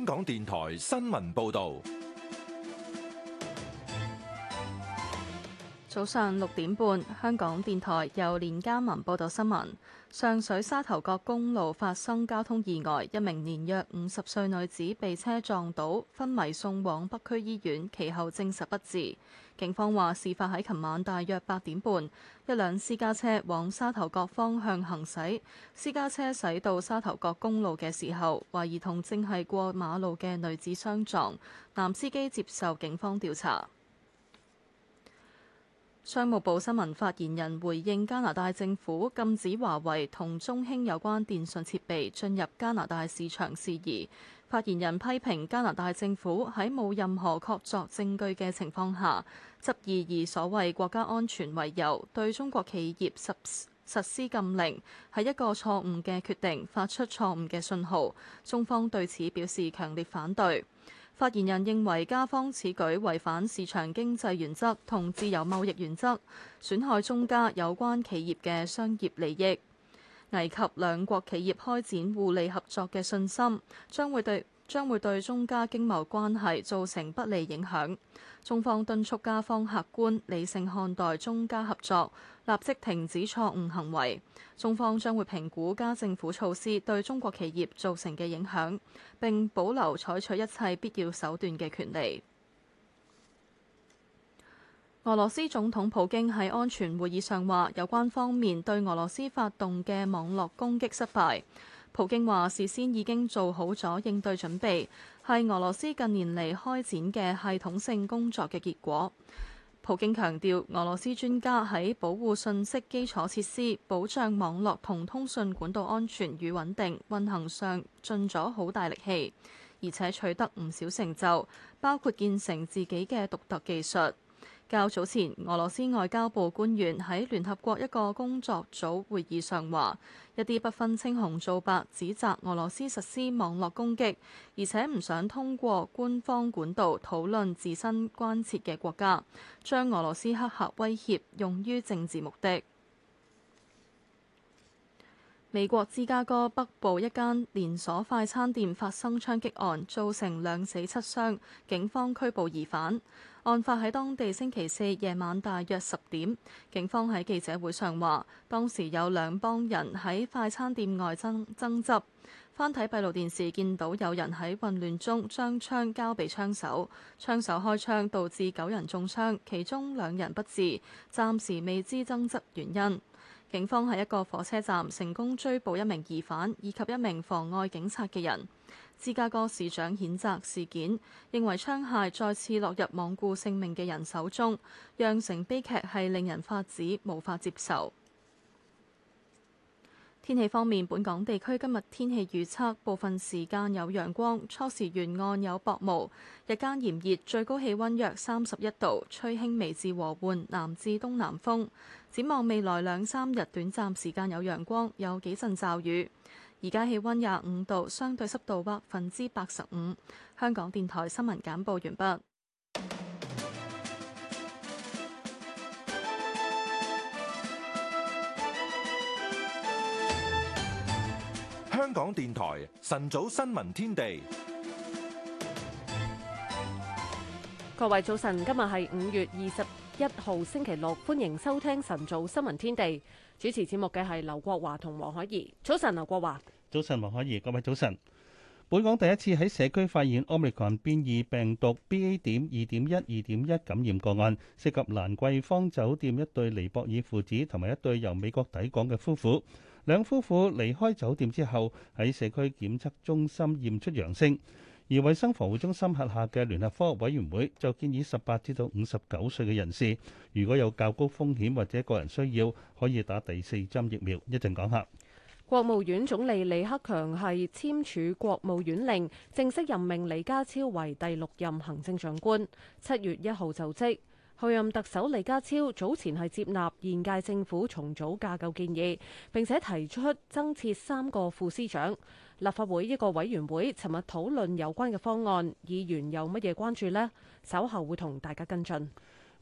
香港電台新聞報道。早上六點半，香港電台由連家文報道新聞。上水沙頭角公路發生交通意外，一名年約五十歲女子被車撞倒昏迷，送往北區醫院，其後證實不治。警方話事發喺琴晚大約八點半，一輛私家車往沙頭角方向行駛，私家車駛到沙頭角公路嘅時候，懷疑同正係過馬路嘅女子相撞，男司機接受警方調查。商務部新聞發言人回應加拿大政府禁止華為同中興有關電信設備進入加拿大市場事宜，發言人批評加拿大政府喺冇任何確鑿證據嘅情況下，執意以所謂國家安全為由對中國企業實實施禁令，係一個錯誤嘅決定，發出錯誤嘅信號。中方對此表示強烈反對。發言人認為，加方此舉違反市場經濟原則同自由貿易原則，損害中加有關企業嘅商業利益，危及兩國企業開展互利合作嘅信心，將會對將會對中加經貿關係造成不利影響。中方敦促加方客觀理性看待中加合作，立即停止錯誤行為，中方將會評估加政府措施對中國企業造成嘅影響，並保留採取一切必要手段嘅權利。俄羅斯總統普京喺安全會議上話：有關方面對俄羅斯發動嘅網絡攻擊失敗。普京話：事先已經做好咗應對準備，係俄羅斯近年嚟開展嘅系統性工作嘅結果。普京強調，俄羅斯專家喺保護信息基礎設施、保障網絡同通訊管道安全與穩定運行上，盡咗好大力氣，而且取得唔少成就，包括建成自己嘅獨特技術。較早前，俄羅斯外交部官員喺聯合國一個工作組會議上話：一啲不分青紅皂白，指責俄羅斯實施網絡攻擊，而且唔想通過官方管道討論自身關切嘅國家，將俄羅斯黑客威脅用於政治目的。美國芝加哥北部一間連鎖快餐店發生槍擊案，造成兩死七傷，警方拘捕疑犯。案發喺當地星期四夜晚，大約十點。警方喺記者會上話，當時有兩幫人喺快餐店外爭爭執。翻睇閉路電視，見到有人喺混亂中將槍交俾槍手，槍手開槍，導致九人中槍，其中兩人不治。暫時未知爭執原因。警方喺一個火車站成功追捕一名疑犯，以及一名妨礙警察嘅人。芝加哥市長譴責事件，認為槍械再次落入罔顧性命嘅人手中，釀成悲劇係令人髮指，無法接受。天氣方面，本港地區今日天氣預測部分時間有陽光，初時沿岸有薄霧，日間炎熱，最高氣温約三十一度，吹輕微至和緩南至東南風。展望未來兩三日，短暫時間有陽光，有幾陣驟雨。而家氣温廿五度，相對濕度百分之八十五。香港電台新聞簡報完畢。香港電台晨早新聞天地，各位早晨，今日係五月二十。一號星期六，歡迎收聽晨早新聞天地。主持節目嘅係劉國華同黃海怡。早晨，劉國華。早晨，黃海怡。各位早晨。本港第一次喺社區發現 Omicron 變異病毒 BA. 點二點一二點一感染個案，涉及蘭桂坊酒店一對尼泊爾父子同埋一對由美國抵港嘅夫婦。兩夫婦離開酒店之後，喺社區檢測中心驗出陽性。而衞生防護中心轄下嘅聯合科學委員會就建議十八至到五十九歲嘅人士，如果有較高風險或者個人需要，可以打第四針疫苗。一陣講下。國務院總理李克強係簽署國務院令，正式任命李家超為第六任行政長官，七月一號就職。候任特首李家超早前係接納現屆政府重組架構建議，並且提出增設三個副司長。立法會一個委員會尋日討論有關嘅方案，議員有乜嘢關注呢？稍後會同大家跟進。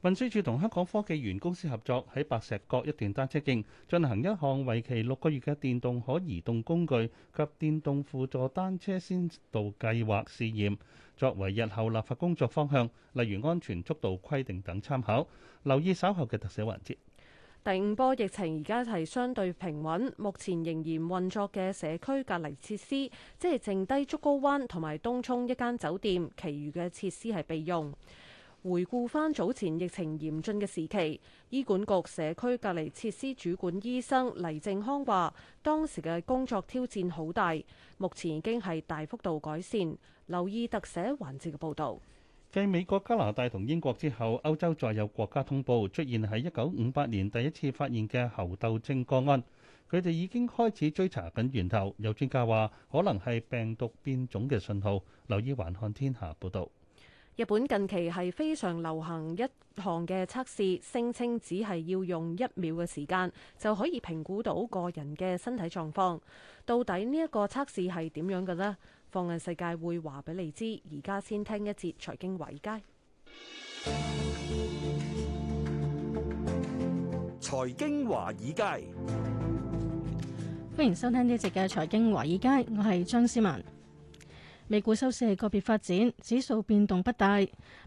運輸署同香港科技園公司合作，喺白石角一段單車徑進行一項為期六個月嘅電動可移動工具及電動輔助單車先導計劃試驗，作為日後立法工作方向，例如安全速度規定等參考。留意稍後嘅特寫環節。第五波疫情而家係相對平穩，目前仍然運作嘅社區隔離設施，即係剩低，竹篙灣同埋東涌一間酒店，其餘嘅設施係備用。回顧翻早前疫情嚴峻嘅時期，醫管局社區隔離設施主管醫生黎正康話當時嘅工作挑戰好大，目前已經係大幅度改善。留意特寫環節嘅報道。繼美國、加拿大同英國之後，歐洲再有國家通報出現喺一九五八年第一次發現嘅猴痘症個案，佢哋已經開始追查緊源頭。有專家話，可能係病毒變種嘅信號。留意環看天下報道。日本近期係非常流行一項嘅測試，聲稱只係要用一秒嘅時間就可以評估到個人嘅身體狀況。到底呢一個測試係點樣嘅呢？放眼世界會，會話俾你知。而家先聽一節財經華爾街。財經華爾街，歡迎收聽呢一節嘅財經華爾街，我係張思文。美股收市係個別發展，指數變動不大。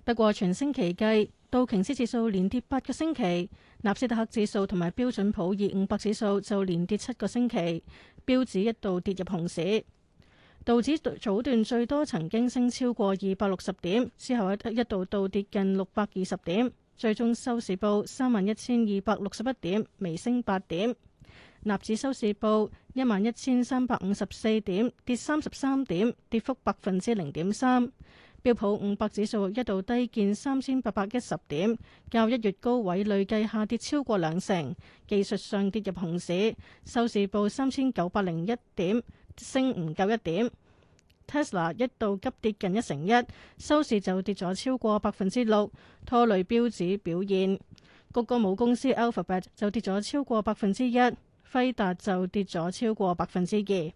不過全星期計，道瓊斯指數連跌八個星期，納斯達克指數同埋標準普爾五百指數就連跌七個星期，標指一度跌入熊市。道指早段最多曾經升超過二百六十點，之後一度倒跌近六百二十點，最終收市報三萬一千二百六十一點，微升八點。納指收市報一萬一千三百五十四點，跌三十三點，跌幅百分之零點三。標普五百指數一度低見三千八百一十點，較一月高位累計下跌超過兩成，技術上跌入熊市，收市報三千九百零一點。升唔夠一點，Tesla 一度急跌近一成一，收市就跌咗超過百分之六，拖累標指表現。谷歌母公司 Alphabet 就跌咗超過百分之一，輝達就跌咗超過百分之二。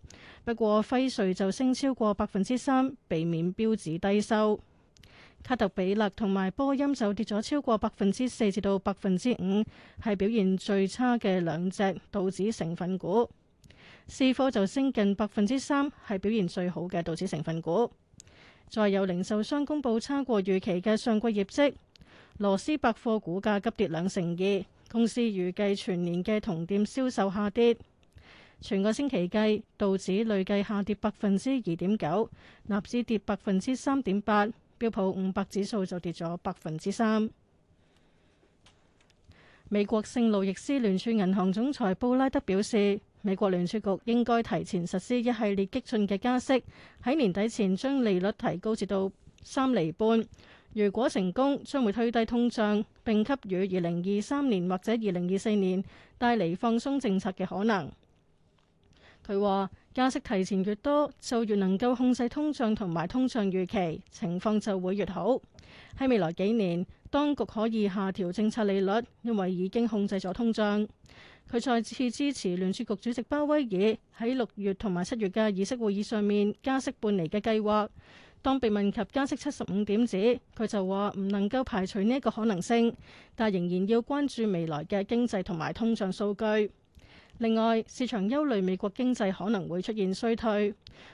不過輝瑞就升超過百分之三，避免標指低收。卡特彼勒同埋波音就跌咗超過百分之四至到百分之五，係表現最差嘅兩隻道指成分股。思科就升近百分之三，係表現最好嘅道指成分股。再有零售商公布差過預期嘅上季業績，羅斯百貨股價急跌兩成二。公司預計全年嘅同店銷售下跌。全個星期計，道指累計下跌百分之二點九，納指跌百分之三點八，標普五百指數就跌咗百分之三。美國聖路易斯聯儲銀行總裁布拉德表示。美國聯儲局應該提前實施一系列激進嘅加息，喺年底前將利率提高至到三厘半。如果成功，將會推低通脹並給予二零二三年或者二零二四年帶嚟放鬆政策嘅可能。佢話：加息提前越多，就越能夠控制通脹同埋通脹預期，情況就會越好。喺未來幾年。當局可以下調政策利率，因為已經控制咗通脹。佢再次支持聯儲局主席鮑威爾喺六月同埋七月嘅議息會議上面加息半釐嘅計劃。當被問及加息七十五點子，佢就話唔能夠排除呢一個可能性，但仍然要關注未來嘅經濟同埋通脹數據。另外，市場憂慮美國經濟可能會出現衰退，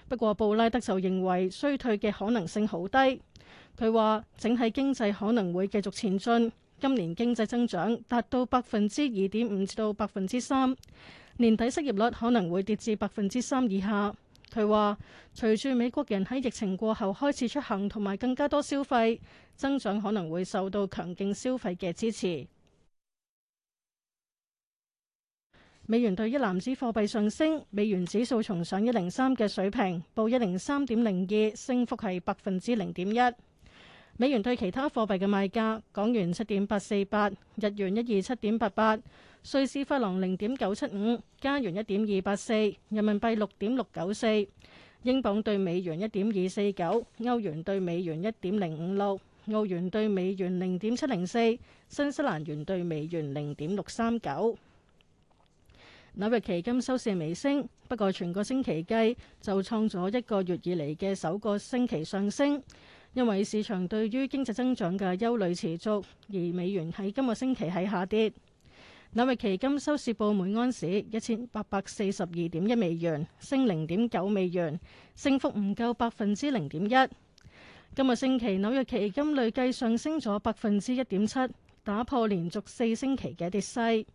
不過布拉德就認為衰退嘅可能性好低。佢話：整體經濟可能會繼續前進，今年經濟增長達到百分之二點五至到百分之三，年底失業率可能會跌至百分之三以下。佢話：隨住美國人喺疫情過後開始出行同埋更加多消費，增長可能會受到強勁消費嘅支持。美元對一籃子貨幣上升，美元指數重上一零三嘅水平，報一零三點零二，升幅係百分之零點一。美元對其他貨幣嘅賣價：港元七點八四八，日元一二七點八八，瑞士法郎零點九七五，加元一點二八四，人民幣六點六九四，英鎊對美元一點二四九，歐元對美元一點零五六，澳元對美元零點七零四，新西蘭元對美元零點六三九。紐約期金收市微升，不過全個星期計就創咗一個月以嚟嘅首個星期上升。因為市場對於經濟增長嘅憂慮持續，而美元喺今個星期喺下跌。紐約期金收市報每安士一千八百四十二點一美元，升零點九美元，升幅唔夠百分之零點一。今個星期紐約期金累計上升咗百分之一點七，打破連續四星期嘅跌勢。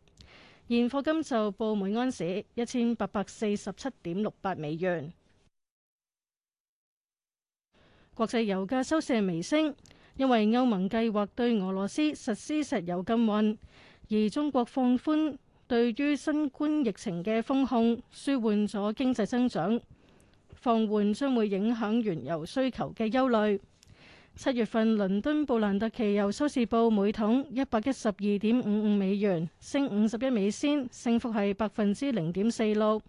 現貨金就報每安士一千八百四十七點六八美元。國際油價收市微升，因為歐盟計劃對俄羅斯實施石油禁運，而中國放寬對於新冠疫情嘅風控，舒緩咗經濟增長，放緩將會影響原油需求嘅憂慮。七月份倫敦布蘭特期油收市報每桶一百一十二點五五美元，升五十一美仙，升幅係百分之零點四六。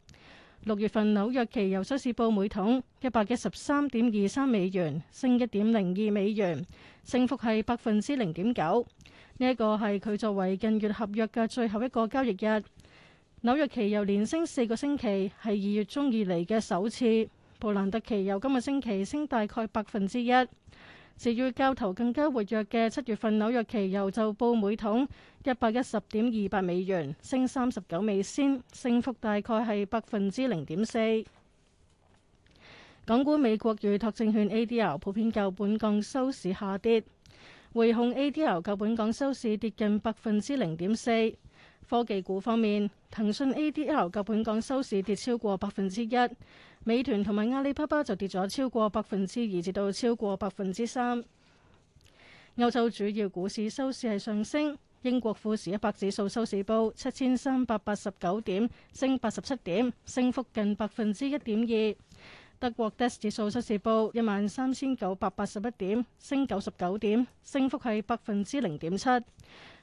六月份紐約期油收市報每桶一百一十三點二三美元，升一點零二美元，升幅係百分之零點九。呢一個係佢作為近月合約嘅最後一個交易日。紐約期油連升四個星期，係二月中以嚟嘅首次。布蘭特期油今個星期升大概百分之一。至於交投更加活躍嘅七月份紐約期油就報每桶一百一十點二百美元，升三十九美仙，升幅大概係百分之零點四。港股美國預託證券 ADR 普遍較本港收市下跌，匯控 ADR 較本港收市跌近百分之零點四。科技股方面，騰訊 ADR 較本港收市跌超過百分之一。美團同埋阿里巴巴就跌咗超過百分之二，至到超過百分之三。歐洲主要股市收市係上升，英國富時一百指數收市報七千三百八十九點，升八十七點，升幅近百分之一點二。德國 DAX 指數收市報一萬三千九百八十一點，升九十九點，升幅係百分之零點七。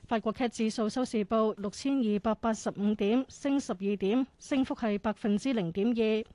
法國 CAC 指數收市報六千二百八十五點，升十二點，升幅係百分之零點二。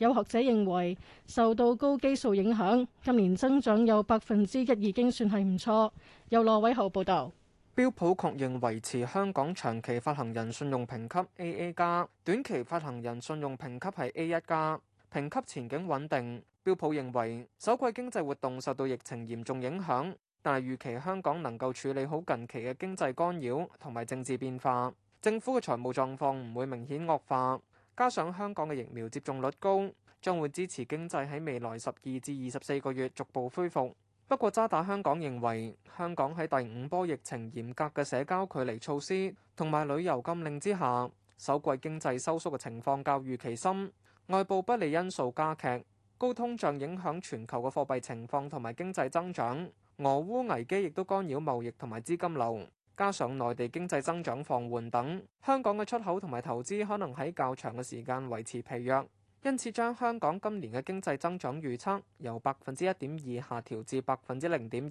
有學者認為受到高基數影響，今年增長有百分之一已經算係唔錯。由羅偉豪報導，標普確認維持香港長期發行人信用評級 AA 加，短期發行人信用評級係 A 一加，評級前景穩定。標普認為首季經濟活動受到疫情嚴重影響，但係預期香港能夠處理好近期嘅經濟干擾同埋政治變化，政府嘅財務狀況唔會明顯惡化。加上香港嘅疫苗接種率高，將會支持經濟喺未來十二至二十四個月逐步恢復。不過渣打香港認為，香港喺第五波疫情嚴格嘅社交距離措施同埋旅遊禁令之下，首季經濟收縮嘅情況較預期深。外部不利因素加劇，高通脹影響全球嘅貨幣情況同埋經濟增長。俄烏危機亦都干擾貿易同埋資金流。加上內地經濟增長放緩等，香港嘅出口同埋投資可能喺較長嘅時間維持疲弱，因此將香港今年嘅經濟增長預測由百分之一點二下調至百分之零點二，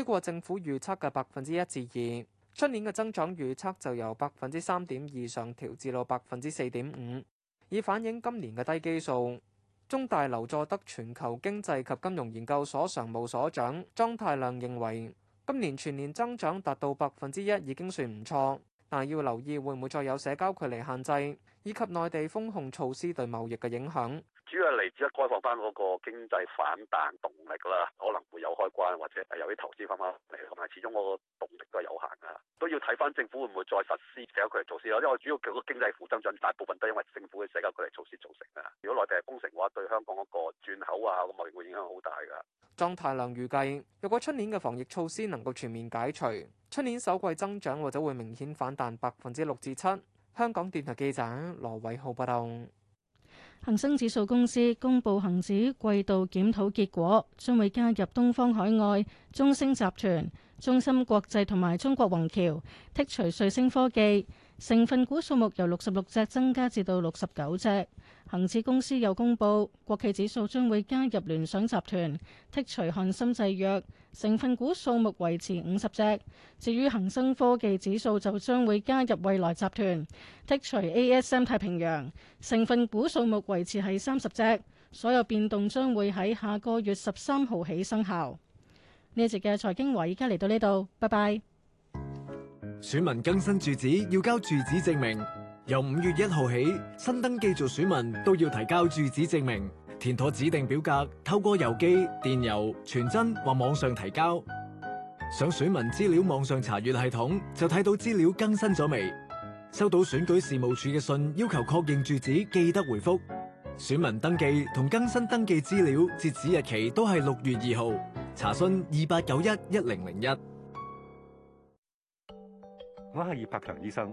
低過政府預測嘅百分之一至二。出年嘅增長預測就由百分之三點二上調至到百分之四點五，以反映今年嘅低基數。中大劉佐德全球經濟及金融研究所常務所長莊太亮認為。今年全年增長達到百分之一已經算唔錯，但要留意會唔會再有社交距離限制。以及內地封控措施對貿易嘅影響，主要係嚟自一開放翻嗰個經濟反彈動力啦。可能會有開關，或者係由啲投資翻翻嚟，同埋始終個動力都係有限㗎。都要睇翻政府會唔會再實施社交距離措施啦。因為我主要個經濟負增長大部分都因為政府嘅社交距離措施造成嘅。如果內地係封城嘅話，對香港嗰個轉口啊嘅貿易會影響好大㗎。莊太亮預計，若果春年嘅防疫措施能夠全面解除，春年首季增長或者會明顯反彈百分之六至七。香港電台記者羅偉浩報道，恒生指數公司公布恒指季度檢討結果，將會加入東方海外、中升集團、中芯國際同埋中國宏橋，剔除瑞聲科技，成份股數目由六十六隻增加至到六十九隻。恒指公司又公布，國企指數將會加入聯想集團，剔除瀚森製藥，成分股數目維持五十隻。至於恒生科技指數就將會加入蔚來集團，剔除 ASM 太平洋，成分股數目維持喺三十隻。所有變動將會喺下個月十三號起生效。呢一節嘅財經話，而家嚟到呢度，拜拜。選民更新住址要交住址證明。由五月一號起，新登記做選民都要提交住址證明，填妥指定表格，透過郵寄、電郵、傳真或網上提交。上選民資料網上查閱系統就睇到資料更新咗未？收到選舉事務處嘅信要求確認住址，記得回覆。選民登記同更新登記資料截止日期都係六月二號。查詢二八九一一零零一。我係葉柏強醫生。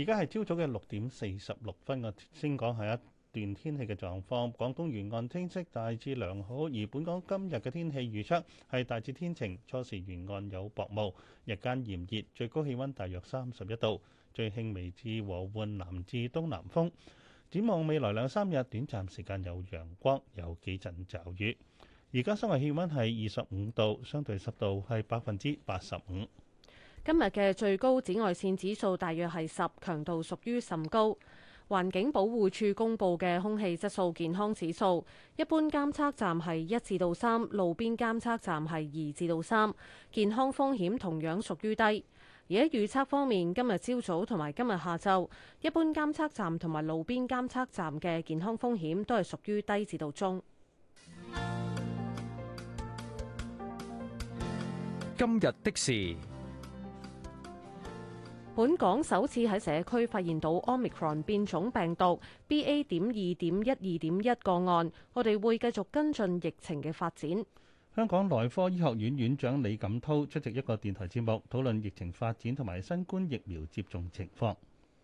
而家係朝早嘅六點四十六分，個先講下一段天氣嘅狀況。廣東沿岸天色大致良好，而本港今日嘅天氣預測係大致天晴，初時沿岸有薄霧，日間炎熱，最高氣温大約三十一度，最輕微至和緩南至東南風。展望未來兩三日，短暫時間有陽光，有幾陣驟雨。而家室外氣温係二十五度，相對濕度係百分之八十五。今日嘅最高紫外線指數大約係十，強度屬於甚高。環境保護署公布嘅空氣質素健康指數，一般監測站係一至到三，3，路邊監測站係二至到三，3，健康風險同樣屬於低。而喺預測方面，今日朝早同埋今日下晝，一般監測站同埋路邊監測站嘅健康風險都係屬於低至到中。今日的事。本港首次喺社區發現到 Omicron 變種病毒 BA. 點二點一二點一個案，我哋會繼續跟進疫情嘅發展。香港內科醫學院院長李錦滔出席一個電台節目，討論疫情發展同埋新冠疫苗接種情況。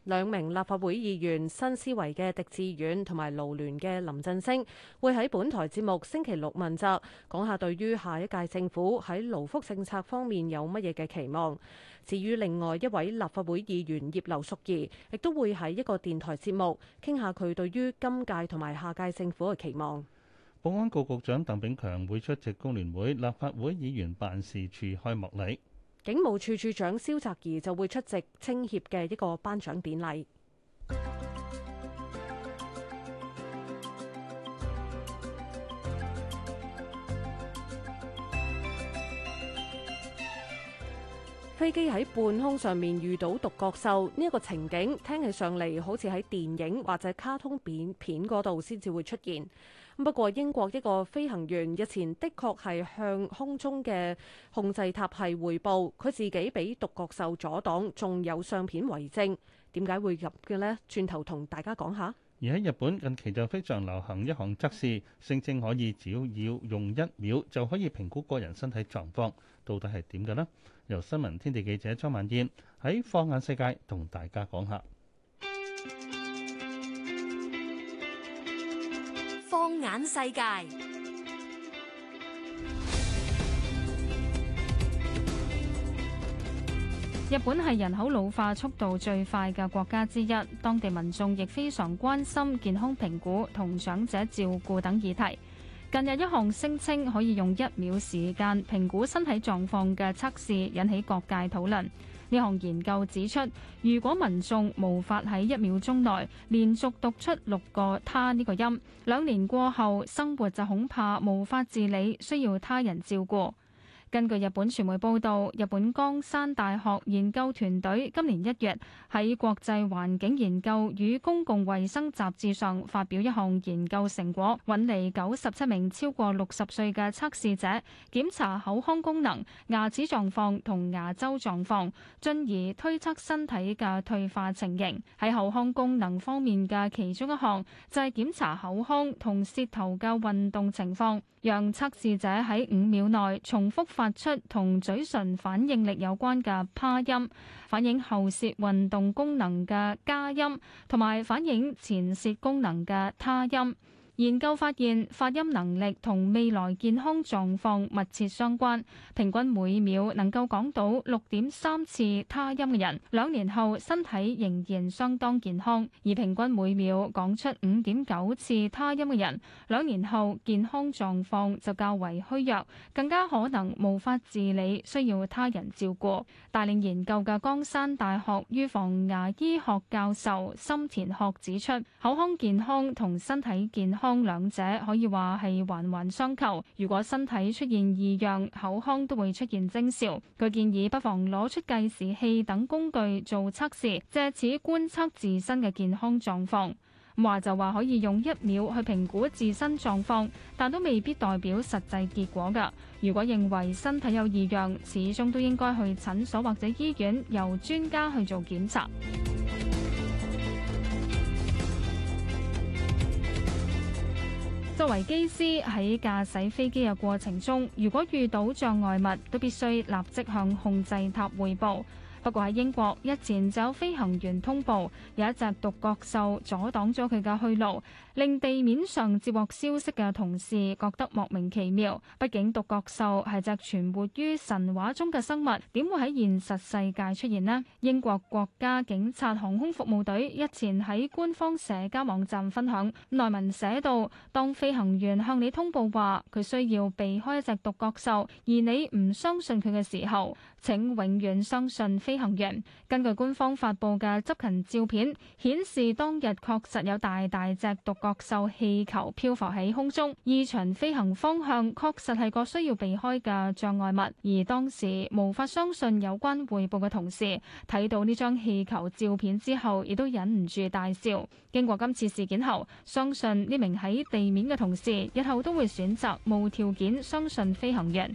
兩名立法會議員，新思維嘅狄志遠同埋勞聯嘅林振昇，會喺本台節目星期六問責，講下對於下一屆政府喺勞福政策方面有乜嘢嘅期望。至於另外一位立法會議員葉劉淑儀，亦都會喺一個電台節目傾下佢對於今屆同埋下屆政府嘅期望。保安局局長鄧炳強會出席工聯會立法會議員辦事處開幕禮。警務處處長蕭澤頤就會出席青協嘅一個頒獎典禮。 飛機喺半空上面遇到獨角獸呢一個情景，聽起上嚟好似喺電影或者卡通片片嗰度先至會出現。不過英國一個飛行員日前的確係向空中嘅控制塔係彙報，佢自己俾獨角獸阻擋，仲有相片為證。點解會入嘅呢？轉頭同大家講下。而喺日本近期就非常流行一項測試，聲稱可以只要要用一秒就可以評估個人身體狀況到底係點嘅呢？由新聞天地記者張曼燕喺放眼世界同大家講下。眼世界，日本係人口老化速度最快嘅國家之一，當地民眾亦非常關心健康評估同長者照顧等議題。近日，一項聲稱可以用一秒時間評估身體狀況嘅測試引起各界討論。呢項研究指出，如果民眾無法喺一秒鐘內連續讀出六個他呢個音，兩年過後生活就恐怕無法自理，需要他人照顧。根據日本傳媒報道，日本江山大學研究團隊今年一月喺《國際環境研究與公共衛生》雜誌上發表一項研究成果，搵嚟九十七名超過六十歲嘅測試者，檢查口腔功能、牙齒狀況同牙周狀況，進而推測身體嘅退化情形。喺口腔功能方面嘅其中一項，就係檢查口腔同舌頭嘅運動情況，讓測試者喺五秒內重複。發出同嘴唇反應力有關嘅趴音，反映後舌運動功能嘅加音，同埋反映前舌功能嘅他音。研究發現，發音能力同未來健康狀況密切相關。平均每秒能夠講到六點三次他音嘅人，兩年後身體仍然相當健康；而平均每秒講出五點九次他音嘅人，兩年後健康狀況就較為虛弱，更加可能無法自理，需要他人照顧。帶領研究嘅江山大學預防牙醫學教授森田學指出，口腔健康同身體健康。當兩者可以話係環環相扣，如果身體出現異樣，口腔都會出現徵兆。佢建議不妨攞出計時器等工具做測試，借此觀測自身嘅健康狀況。咁話就話可以用一秒去評估自身狀況，但都未必代表實際結果噶。如果認為身體有異樣，始終都應該去診所或者醫院，由專家去做檢查。作為機師，喺駕駛飛機嘅過程中，如果遇到障礙物，都必須立即向控制塔匯報。不過喺英國，日前就有飛行員通報，有一隻獨角獸阻擋咗佢嘅去路。令地面上接獲消息嘅同事覺得莫名其妙，畢竟獨角獸係隻存活於神話中嘅生物，點會喺現實世界出現呢？英國國家警察航空服務隊日前喺官方社交網站分享內文寫到：當飛行員向你通報話佢需要避開一隻獨角獸，而你唔相信佢嘅時候，請永遠相信飛行員。根據官方發布嘅執勤照片顯示，當日確實有大大隻獨角角獸氣球漂浮喺空中，異常飛行方向確實係個需要避開嘅障礙物。而當時無法相信有關匯報嘅同事，睇到呢張氣球照片之後，亦都忍唔住大笑。經過今次事件後，相信呢名喺地面嘅同事，日後都會選擇無條件相信飛行員。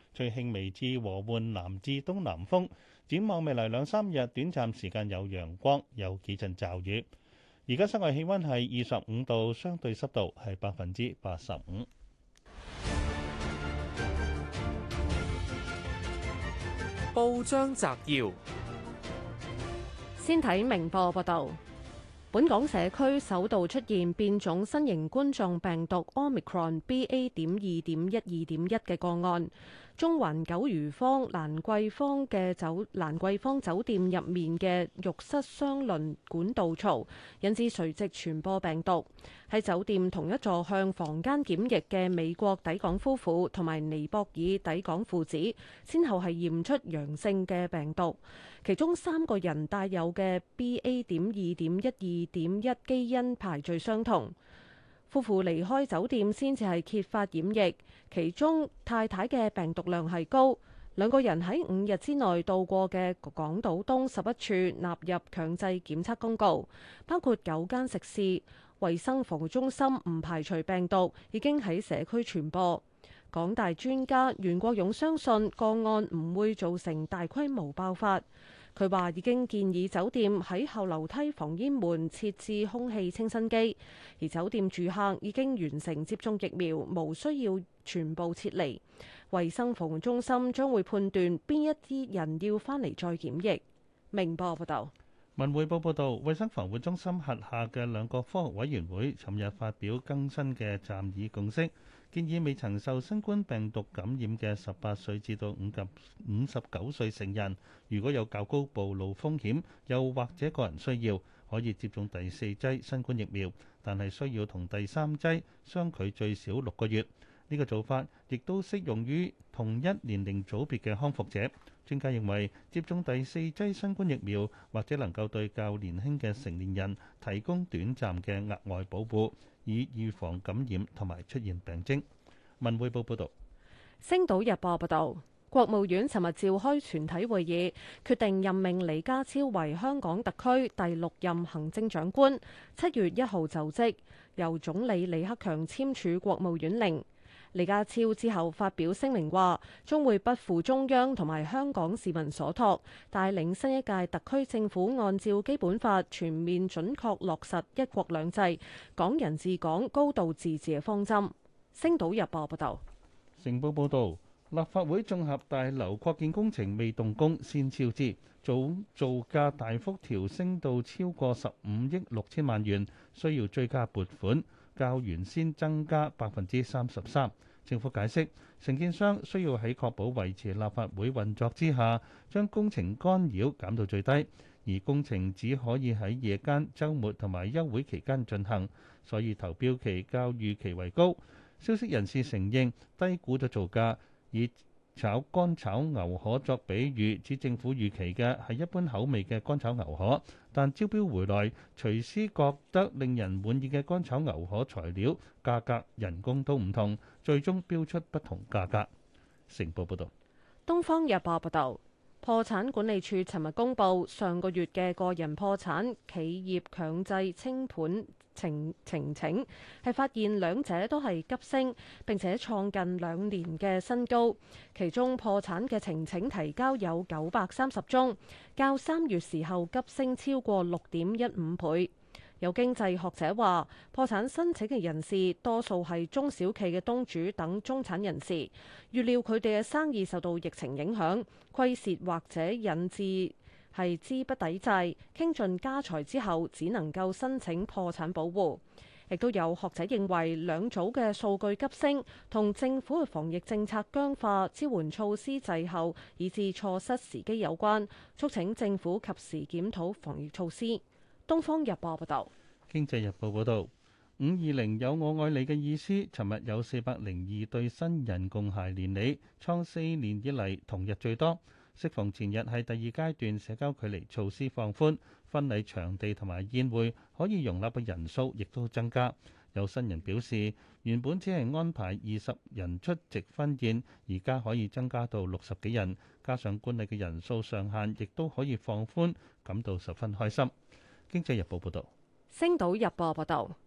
最輕微至和緩南至東南風。展望未來兩三日短暫時間有陽光，有幾陣驟雨。而家室外氣温係二十五度，相對濕度係百分之八十五。報章摘要：先睇明報報道，本港社區首度出現變種新型冠狀病毒 Omicron BA 點二點一二點一嘅個案。中環九如坊蘭桂坊嘅酒蘭桂坊酒店入面嘅浴室雙輪管道槽，引致垂直傳播病毒。喺酒店同一座向房間檢疫嘅美國抵港夫婦同埋尼泊爾抵港父子，先後係驗出陽性嘅病毒，其中三個人帶有嘅 BA 點二點一二點一基因排序相同。夫婦離開酒店先至係揭發染疫，其中太太嘅病毒量係高，兩個人喺五日之內到過嘅港島東十一處納入強制檢測公告，包括九間食肆。衞生防護中心唔排除病毒已經喺社區傳播。港大專家袁國勇相信個案唔會造成大規模爆發。佢話已經建議酒店喺後樓梯防煙門設置空氣清新機，而酒店住客已經完成接種疫苗，無需要全部撤離。衛生防護中心將會判斷邊一啲人要翻嚟再檢疫。明報報道，文匯報報道：衛生防護中心轄下嘅兩個科學委員會尋日發表更新嘅暫擬共識。建議未曾受新冠病毒感染嘅十八歲至到五十九歲成人，如果有較高暴露風險，又或者個人需要，可以接種第四劑新冠疫苗，但係需要同第三劑相距最少六個月。呢個做法亦都適用於同一年齡組別嘅康復者。專家認為，接種第四劑新冠疫苗或者能夠對較年輕嘅成年人提供短暫嘅額外保護，以預防感染同埋出現病徵。文匯報報道。星島日報報道，國務院尋日召開全體會議，決定任命李家超為香港特區第六任行政長官，七月一號就職，由總理李克強簽署國務院令。李家超之後發表聲明話，將會不負中央同埋香港市民所託，帶領新一屆特區政府按照基本法全面準確落實一國兩制、港人治港、高度自治嘅方針。星島日報報道。成報報道，立法會綜合大樓擴建工程未動工先超支，總造價大幅調升到超過十五億六千萬元，需要追加撥款。較原先增加百分之三十三。政府解釋，承建商需要喺確保維持立法會運作之下，將工程干擾減到最低，而工程只可以喺夜間、週末同埋休會期間進行，所以投標期較預期為高。消息人士承認低估咗造價，以炒乾炒牛河作比喻，指政府預期嘅係一般口味嘅乾炒牛河，但招標回來，廚師覺得，得令人滿意嘅乾炒牛河材料價格、人工都唔同，最終標出不同價格。成報報道，東方日報報道，破產管理署尋日公布上個月嘅個人破產企業強制清盤。情情情係發現兩者都係急升，並且創近兩年嘅新高。其中破產嘅呈請提交有九百三十宗，較三月時候急升超過六點一五倍。有經濟學者話，破產申請嘅人士多數係中小企嘅東主等中產人士，預料佢哋嘅生意受到疫情影響，虧蝕或者引致。係資不抵債，傾盡家財之後，只能夠申請破產保護。亦都有學者認為兩組嘅數據急升，同政府嘅防疫政策僵化、支援措施滯後，以致錯失時機有關，促請政府及時檢討防疫措施。《東方日報》報道。《經濟日報》報道，五二零有我愛你嘅意思。尋日有四百零二對新人共偕連理，創四年以嚟同日最多。適逢前日係第二階段社交距離措施放寬，婚禮場地同埋宴會可以容納嘅人數亦都增加。有新人表示，原本只係安排二十人出席婚宴，而家可以增加到六十幾人，加上觀禮嘅人數上限亦都可以放寬，感到十分開心。經濟日報報道，星島日報報道，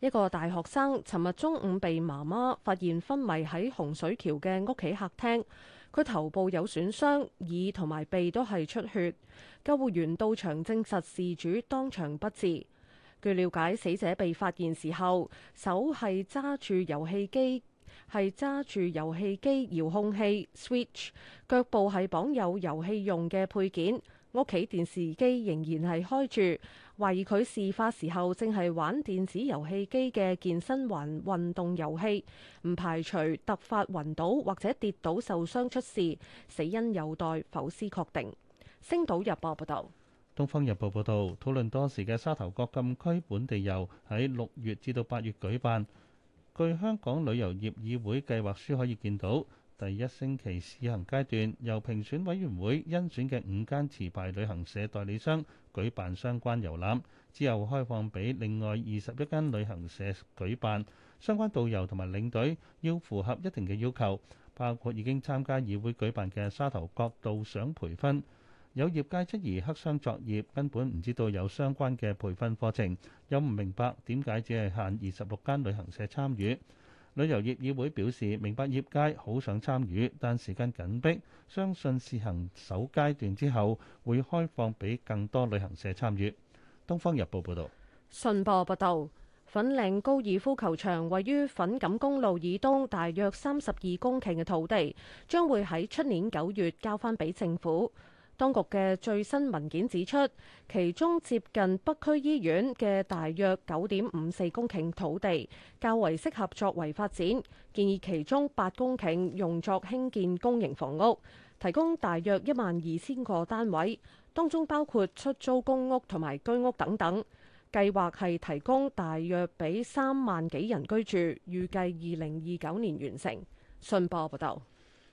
一個大學生尋日中午被媽媽發現昏迷喺洪水橋嘅屋企客廳。佢頭部有損傷，耳同埋鼻都係出血。救護員到場證實事主當場不治。據了解，死者被發現時候，手係揸住遊戲機，係揸住遊戲機遙控器 Switch，腳部係綁有遊戲用嘅配件。屋企電視機仍然係開住，懷疑佢事發時候正係玩電子遊戲機嘅健身環運動遊戲，唔排除突發暈倒或者跌倒受傷出事，死因有待剖屍確定。星島日報報道。東方日報報道，討論多時嘅沙頭角禁區本地遊喺六月至到八月舉辦，據香港旅遊業議會計劃書可以見到。第一星期試行階段，由評選委員會甄選嘅五間持牌旅行社代理商舉辦相關遊覽，之後開放俾另外二十一間旅行社舉辦，相關導遊同埋領隊要符合一定嘅要求，包括已經參加議會舉辦嘅沙頭角導賞培訓。有業界質疑黑箱作業，根本唔知道有相關嘅培訓課程，又唔明白點解只係限二十六間旅行社參與。旅遊業議會表示，明白業界好想參與，但時間緊迫，相信試行首階段之後，會開放俾更多旅行社參與。《東方日報》報道，信報報道，粉嶺高爾夫球場位於粉錦公路以東，大約三十二公頃嘅土地，將會喺出年九月交翻俾政府。當局嘅最新文件指出，其中接近北區醫院嘅大約九點五四公頃土地較為適合作為發展，建議其中八公頃用作興建公營房屋，提供大約一萬二千個單位，當中包括出租公屋同埋居屋等等。計劃係提供大約畀三萬幾人居住，預計二零二九年完成。信報報道。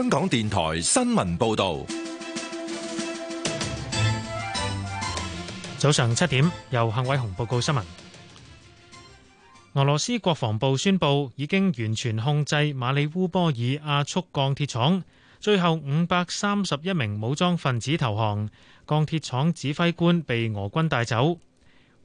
香港電台新聞報道，早上七點，由幸偉雄報告新聞。俄羅斯國防部宣布，已經完全控制馬里烏波爾阿速鋼鐵廠，最後五百三十一名武裝分子投降，鋼鐵廠指揮官被俄軍帶走。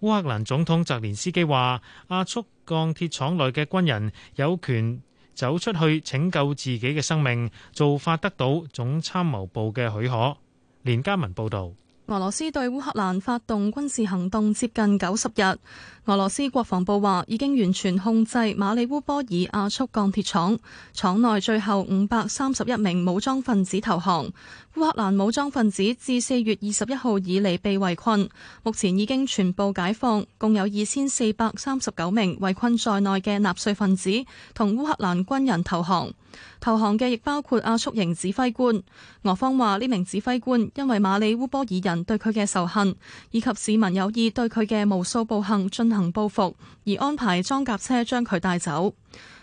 烏克蘭總統澤連斯基話：阿速鋼鐵廠內嘅軍人有權。走出去拯救自己嘅生命，做法得到總參謀部嘅許可。連家文報道。俄羅斯對烏克蘭發動軍事行動接近九十日，俄羅斯國防部話已經完全控制馬里烏波爾亞速鋼鐵廠，廠內最後五百三十一名武裝分子投降。烏克蘭武裝分子自四月二十一號以嚟被圍困，目前已經全部解放，共有二千四百三十九名圍困在內嘅納粹分子同烏克蘭軍人投降。投降嘅亦包括阿速營指揮官，俄方話呢名指揮官因為馬里烏波爾人對佢嘅仇恨以及市民有意對佢嘅無數暴行進行報復，而安排裝甲車將佢帶走。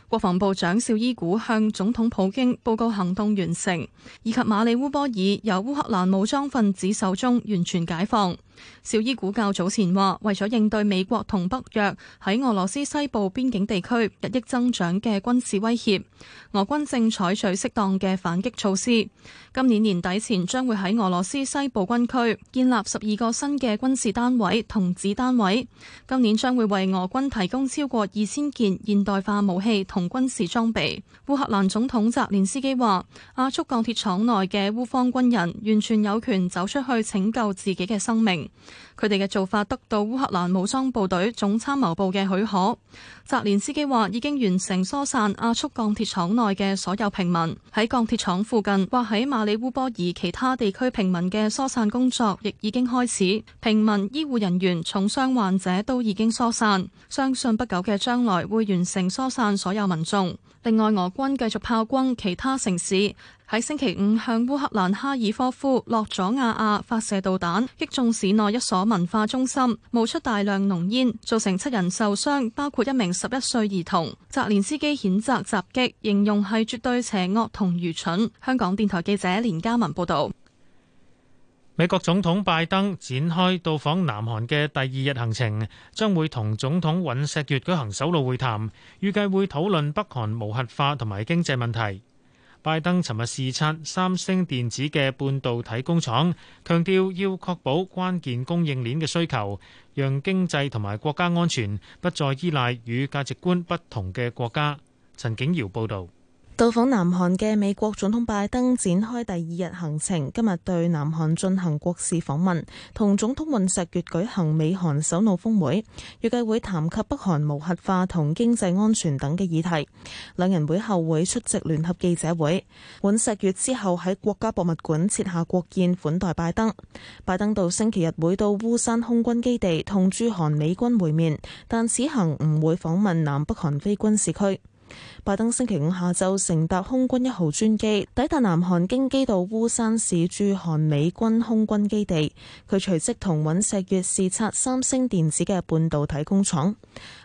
國防部長紹伊古向總統普京報告行動完成，以及馬里烏波爾由烏克蘭武裝分子手中完全解放。紹伊古較早前話，為咗應對美國同北約喺俄羅斯西部邊境地區日益增長嘅軍事威脅，俄軍正採取適當嘅反擊措施。今年年底前將會喺俄羅斯西部軍區建立十二個新嘅軍事單位同子單位。今年將會為俄軍提供超過二千件現代化武器同軍事裝備。烏克蘭總統澤連斯基話，亞速鋼鐵廠內嘅烏方軍人完全有權走出去拯救自己嘅生命。佢哋嘅做法得到烏克蘭武裝部隊總參謀部嘅許可。澤連斯基話已經完成疏散亞速鋼鐵廠內嘅所有平民，喺鋼鐵廠附近或喺馬里烏波爾其他地區平民嘅疏散工作亦已經開始。平民、醫護人員、重傷患者都已經疏散，相信不久嘅將來會完成疏散所有民眾。另外，俄軍繼續炮轟其他城市。喺星期五向烏克蘭哈爾科夫落咗亞亞發射導彈，擊中市內一所文化中心，冒出大量濃煙，造成七人受傷，包括一名十一歲兒童。澤連斯基譴責襲擊，形容係絕對邪惡同愚蠢。香港電台記者連嘉文報道。美國總統拜登展開到訪南韓嘅第二日行程，將會同總統尹錫悅舉行首腦會談，預計會討論北韓無核化同埋經濟問題。拜登尋日視察三星電子嘅半導體工廠，強調要確保關鍵供應鏈嘅需求，讓經濟同埋國家安全不再依賴與價值觀不同嘅國家。陳景堯報導。到訪南韓嘅美國總統拜登展開第二日行程，今日對南韓進行國事訪問，同總統尹錫悅舉行美韓首腦峰會，預計會談及北韓無核化同經濟安全等嘅議題。兩人會後會出席聯合記者會。尹錫悅之後喺國家博物館設下國宴款待拜登。拜登到星期日會到烏山空軍基地同駐韓美軍會面，但此行唔會訪問南北韓非軍事區。拜登星期五下晝乘搭空軍一號專機抵達南韓京畿道烏山市駐韓美軍空軍基地，佢隨即同尹錫悅視察三星電子嘅半導體工廠。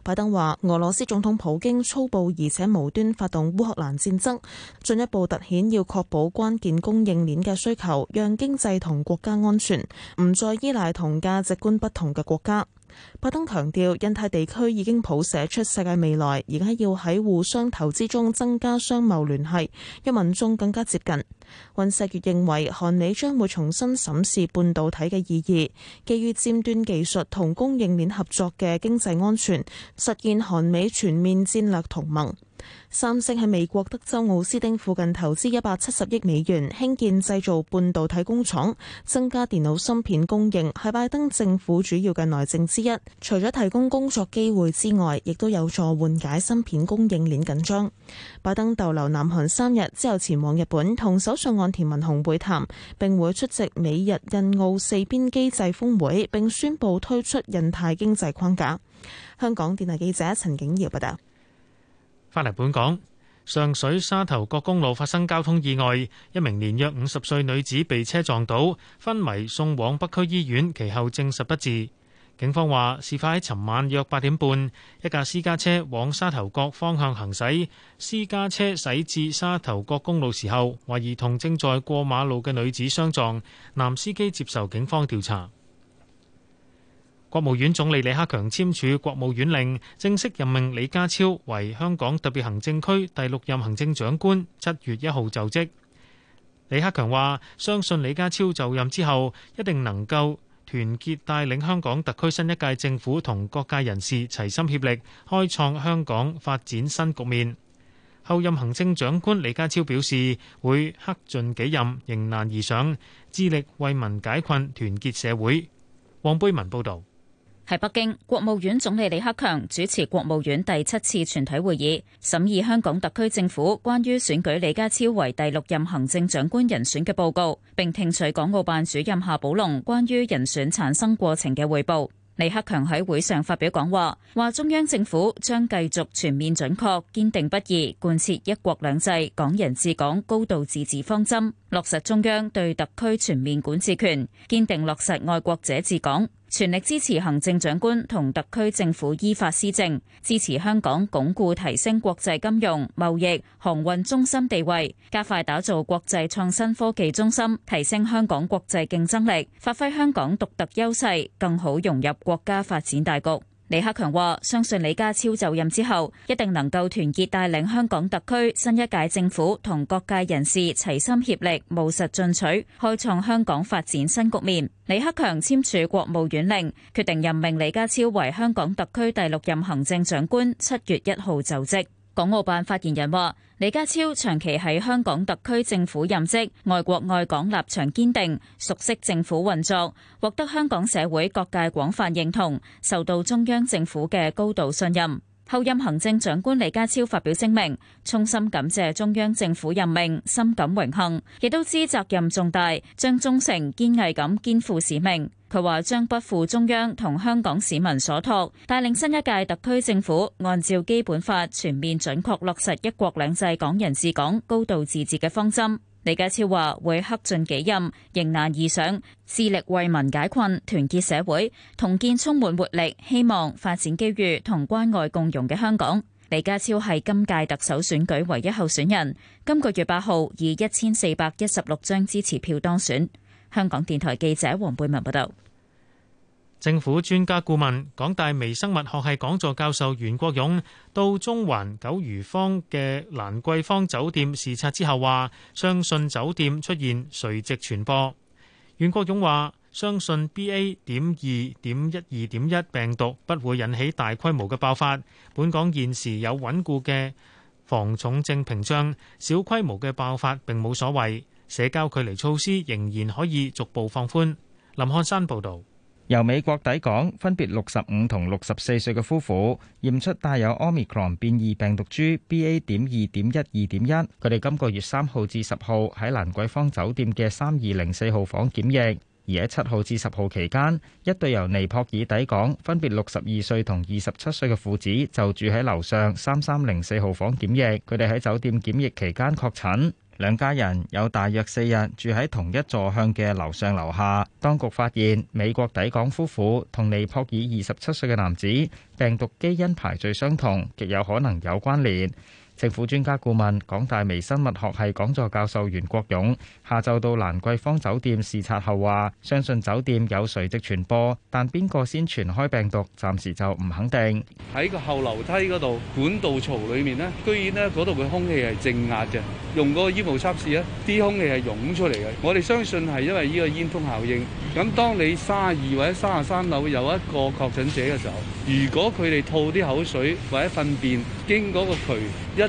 拜登話：俄羅斯總統普京粗暴而且無端發動烏克蘭戰爭，進一步凸顯要確保關鍵供應鏈嘅需求，讓經濟同國家安全唔再依賴同價值觀不同嘅國家。拜登強調，印太地區已經譜寫出世界未來，而家要喺互相投資中增加商貿聯繫，讓民眾更加接近。尹錫悅認為，韓美將會重新審視半導體嘅意義，基於尖端技術同供應鏈合作嘅經濟安全，實現韓美全面戰略同盟。三星喺美國德州奧斯汀附近投資一百七十億美元興建製造半導體工廠，增加電腦芯片供應，係拜登政府主要嘅內政之一。除咗提供工作機會之外，亦都有助緩解芯片供應鏈緊張。拜登逗留南韓三日之後前往日本，同首相岸田文雄會談，並會出席美日印澳四邊機制峰會，並宣布推出印太經濟框架。香港電台記者陳景瑤報道。翻嚟本港，上水沙頭角公路發生交通意外，一名年約五十歲女子被車撞倒，昏迷送往北區醫院，其後證實不治。警方話，事發喺尋晚約八點半，一架私家車往沙頭角方向行駛，私家車駛至沙頭角公路時候，懷疑同正在過馬路嘅女子相撞，男司機接受警方調查。國務院總理李克強簽署國務院令，正式任命李家超為香港特別行政區第六任行政長官，七月一號就職。李克強話，相信李家超就任之後，一定能夠，團結帶領香港特區新一屆政府同各界人士齊心協力，開創香港發展新局面。候任行政長官李家超表示，會克盡己任，迎難而上，致力為民解困，團結社會。黃貝文報導。喺北京，國務院總理李克強主持國務院第七次全體會議，審議香港特區政府關於選舉李家超為第六任行政長官人選嘅報告，並聽取港澳辦主任夏寶龍關於人選產生過程嘅彙報。李克強喺會上發表講話，話中央政府將繼續全面準確、堅定不移貫徹一國兩制、港人治港、高度自治方針，落實中央對特區全面管治權，堅定落實愛國者治港。全力支持行政長官同特區政府依法施政，支持香港鞏固提升國際金融、貿易、航運中心地位，加快打造國際創新科技中心，提升香港國際競爭力，發揮香港獨特優勢，更好融入國家發展大局。李克強話：相信李家超就任之後，一定能夠團結帶領香港特區新一屆政府同各界人士齊心協力，務實進取，開創香港發展新局面。李克強簽署國務院令，決定任命李家超為香港特區第六任行政長官，七月一號就職。港澳辦發言人話：李家超長期喺香港特區政府任職，愛國愛港立場堅定，熟悉政府運作，獲得香港社會各界廣泛認同，受到中央政府嘅高度信任。候任行政長官李家超發表聲明，衷心感謝中央政府任命，深感榮幸，亦都知責任重大，將忠誠堅毅咁肩負使命。佢話將不負中央同香港市民所託，帶領新一屆特區政府，按照基本法全面準確落實一國兩制、港人治港、高度自治嘅方針。李家超話會克盡己任，迎難而上，致力為民解困，團結社會，同建充滿活力、希望、發展機遇同關愛共融嘅香港。李家超係今屆特首選舉唯一候選人，今個月八號以一千四百一十六張支持票當選。香港電台記者黃貝文報道。政府專家顧問、港大微生物學系講座教授袁國勇到中環九如坊嘅蘭桂坊酒店視察之後，話相信酒店出現垂直傳播。袁國勇話：相信 BA.2.12.1 病毒不會引起大規模嘅爆發。本港現時有穩固嘅防重症屏障，小規模嘅爆發並冇所謂，社交距離措施仍然可以逐步放寬。林漢山報導。由美國抵港分別六十五同六十四歲嘅夫婦驗出帶有 Omicron 變異病毒株 BA. 點二點一二點一，佢哋今個月三號至十號喺蘭桂坊酒店嘅三二零四號房檢疫；而喺七號至十號期間，一對由尼泊爾抵港分別六十二歲同二十七歲嘅父子就住喺樓上三三零四號房檢疫，佢哋喺酒店檢疫期間確診。兩家人有大約四日住喺同一座向嘅樓上樓下，當局發現美國抵港夫婦同尼泊爾二十七歲嘅男子病毒基因排序相同，極有可能有關聯。政府專家顧問、港大微生物學系講座教授袁國勇下晝到蘭桂坊酒店視察後話：相信酒店有垂直傳播，但邊個先傳開病毒，暫時就唔肯定。喺個後樓梯嗰度管道槽裏面呢，居然呢嗰度嘅空氣係正壓嘅，用嗰個煙霧測試咧，啲空氣係湧出嚟嘅。我哋相信係因為呢個煙囪效應。咁當你卅二或者卅三樓有一個確診者嘅時候，如果佢哋吐啲口水或者糞便經嗰個渠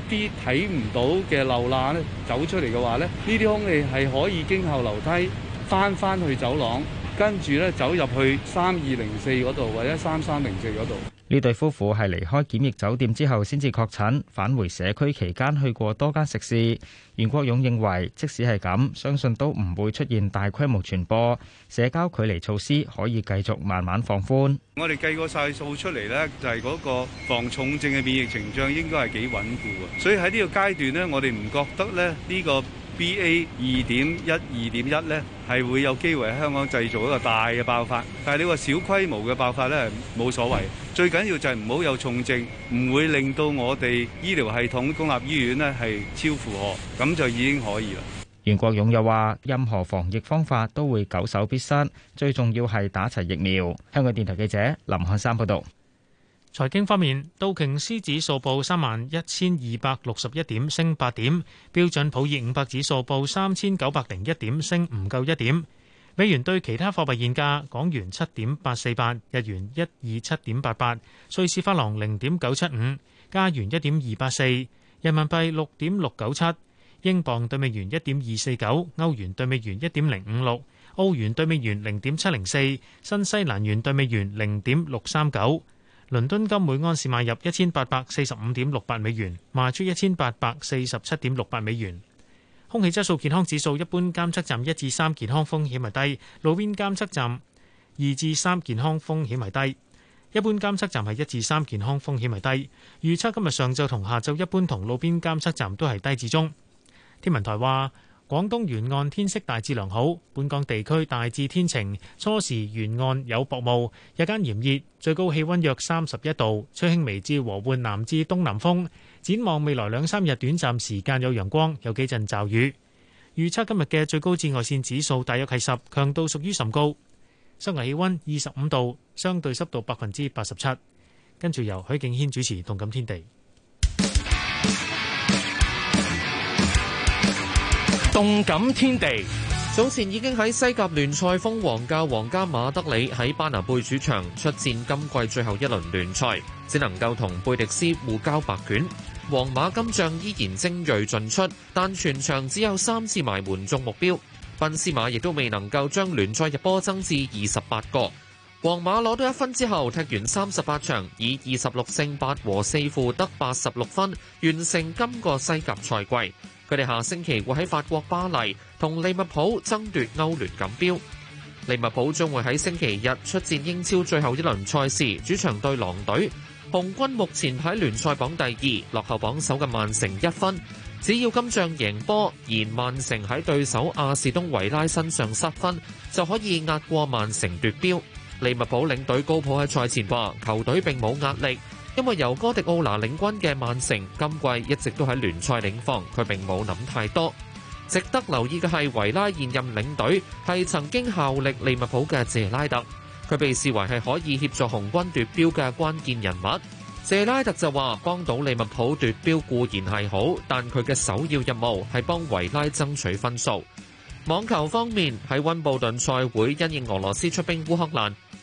一啲睇唔到嘅漏罅咧，走出嚟嘅話咧，呢啲空氣係可以經後樓梯翻翻去走廊。跟住咧，走入去三二零四嗰度，或者三三零四嗰度。呢對夫婦係離開檢疫酒店之後先至確診，返回社區期間去過多間食肆。袁國勇認為，即使係咁，相信都唔會出現大規模傳播，社交距離措施可以繼續慢慢放寬。我哋計過曬數出嚟咧，就係嗰個防重症嘅免疫情狀應該係幾穩固啊，所以喺呢個階段咧，我哋唔覺得咧呢個。B A 二點一二點一咧，係會有機會喺香港製造一個大嘅爆發。但係你話小規模嘅爆發咧，冇所謂。最緊要就係唔好有重症，唔會令到我哋醫療系統公立醫院咧係超負荷，咁就已經可以啦。袁國勇又話：任何防疫方法都會久守必失，最重要係打齊疫苗。香港電台記者林漢山報道。財經方面，道瓊斯指數報三萬一千二百六十一點，升八點；標準普爾五百指數報三千九百零一點，升唔夠一點。美元對其他貨幣現價：港元七點八四八，日元一二七點八八，瑞士法郎零點九七五，加元一點二八四，人民幣六點六九七，英鎊兌美元一點二四九，歐元兌美元一點零五六，澳元兌美元零點七零四，新西蘭元兌美元零點六三九。倫敦金每安士買入一千八百四十五點六八美元，賣出一千八百四十七點六八美元。空氣質素健康指數，一般監測站一至三健康風險係低，路邊監測站二至三健康風險係低，一般監測站係一至三健康風險係低。預測今日上晝同下晝一般同路邊監測站都係低至中。天文台話。廣東沿岸天色大致良好，本港地區大致天晴，初時沿岸有薄霧，日間炎熱，最高氣溫約三十一度，吹輕微至和緩南至東南風。展望未來兩三日，短暫時間有陽光，有幾陣驟雨。預測今日嘅最高紫外線指數大約係十，強度屬於甚高。室外氣溫二十五度，相對濕度百分之八十七。跟住由許敬軒主持《動感天地》。動感天地，早前已經喺西甲聯賽封王嘅皇家馬德里喺班拿貝主場出戰今季最後一輪聯賽，只能夠同貝迪斯互交白卷。皇馬今仗依然精銳盡出，但全場只有三次埋門中目標。賓斯馬亦都未能夠將聯賽入波增至二十八個。皇馬攞到一分之後，踢完三十八場，以二十六勝八和四負得八十六分，完成今個西甲賽季。佢哋下星期會喺法國巴黎同利物浦爭奪歐聯錦標，利物浦將會喺星期日出戰英超最後一輪賽事，主場對狼隊，紅軍目前喺聯賽榜第二，落後榜首嘅曼城一分。只要金像贏波，而曼城喺對手亞士東維拉身上失分，就可以壓過曼城奪標。利物浦領隊高普喺賽前話：球隊並冇壓力。因為由哥迪奧拿領軍嘅曼城今季一直都喺聯賽領放，佢並冇諗太多。值得留意嘅係維拉現任領隊係曾經效力利物浦嘅謝拉特，佢被視為係可以協助紅軍奪標嘅關鍵人物。謝拉特就話幫到利物浦奪標固然係好，但佢嘅首要任務係幫維拉爭取分數。網球方面，喺溫布頓賽會因應俄羅斯出兵烏克蘭，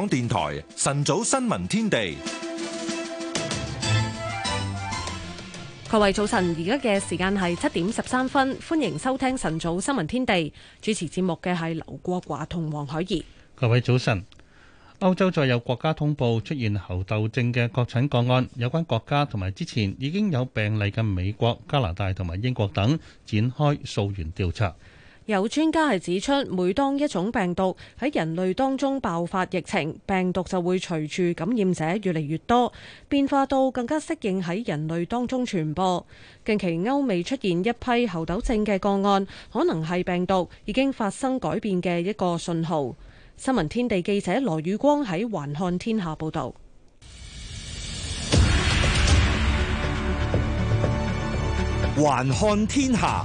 港電台晨早新聞天地，各位早晨，而家嘅時間係七點十三分，歡迎收聽晨早新聞天地。主持節目嘅係劉國華同黃海怡。各位早晨，歐洲再有國家通報出現猴痘症嘅確診個案，有關國家同埋之前已經有病例嘅美國、加拿大同埋英國等展開溯源調查。有專家係指出，每當一種病毒喺人類當中爆發疫情，病毒就會隨住感染者越嚟越多，變化到更加適應喺人類當中傳播。近期歐美出現一批猴痘症嘅個案，可能係病毒已經發生改變嘅一個信號。新聞天地記者羅宇光喺《環看天下》報導，《環看天下》。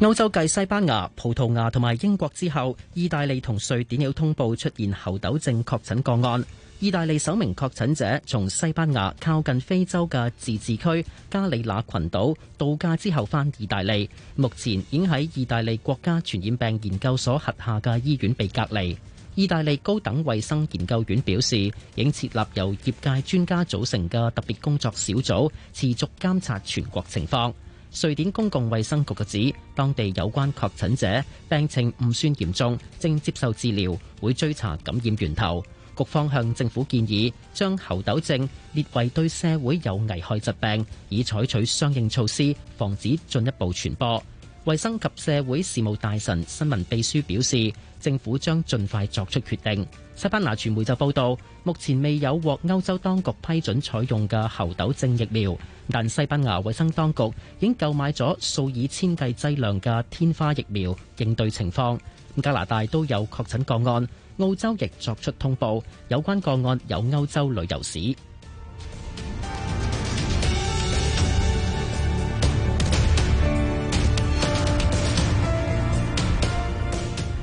歐洲繼西班牙、葡萄牙同埋英國之後，意大利同瑞典有通報出現猴痘症確診個案。意大利首名確診者從西班牙靠近非洲嘅自治區加那利群島度假之後翻意大利，目前已經喺意大利國家傳染病研究所轄下嘅醫院被隔離。意大利高等衛生研究院表示，已設立由業界專家組成嘅特別工作小組，持續監察全國情況。瑞典公共衛生局嘅指，當地有關確診者病情唔算嚴重，正接受治療，會追查感染源頭。局方向政府建議，將猴痘症列為對社會有危害疾病，以採取相應措施防止進一步傳播。衛生及社會事務大臣新聞秘書表示。政府將盡快作出決定。西班牙傳媒就報道，目前未有獲歐洲當局批准採用嘅猴痘症疫苗，但西班牙衞生當局已經購買咗數以千計劑量嘅天花疫苗應對情況。加拿大都有確診個案，澳洲亦作出通報，有關個案有歐洲旅遊史。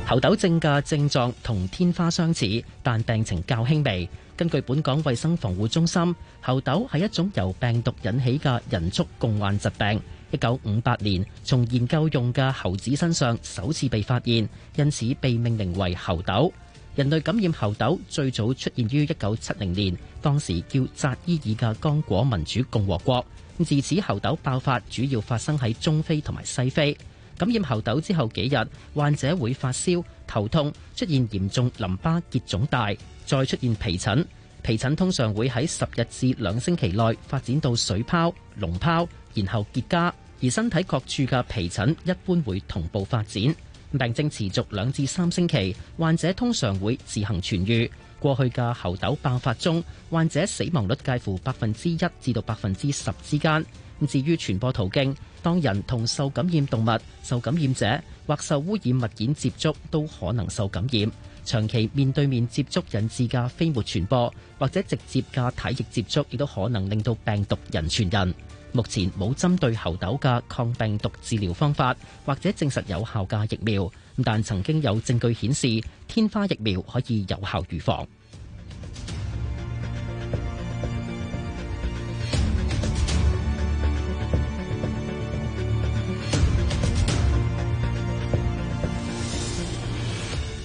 猴痘症嘅症狀同天花相似，但病情較輕微。根據本港衛生防護中心，猴痘係一種由病毒引起嘅人畜共患疾病。一九五八年，從研究用嘅猴子身上首次被發現，因此被命名為猴痘。人類感染猴痘最早出現於一九七零年，當時叫扎伊爾嘅剛果民主共和國。咁自此，猴痘爆發主要發生喺中非同埋西非。感染猴痘之後幾日，患者會發燒、頭痛，出現嚴重淋巴結腫大，再出現皮疹。皮疹通常會喺十日至兩星期內發展到水泡、膿疱，然後結痂。而身體各處嘅皮疹一般會同步發展。病症持續兩至三星期，患者通常會自行痊癒。過去嘅猴痘爆發中，患者死亡率介乎百分之一至到百分之十之間。至於傳播途徑，當人同受感染動物、受感染者，或受污染物件接觸，都可能受感染。長期面對面接觸引致嘅飛沫傳播，或者直接嘅體液接觸，亦都可能令到病毒人傳人。目前冇針對猴痘嘅抗病毒治療方法，或者證實有效嘅疫苗，但曾經有證據顯示天花疫苗可以有效預防。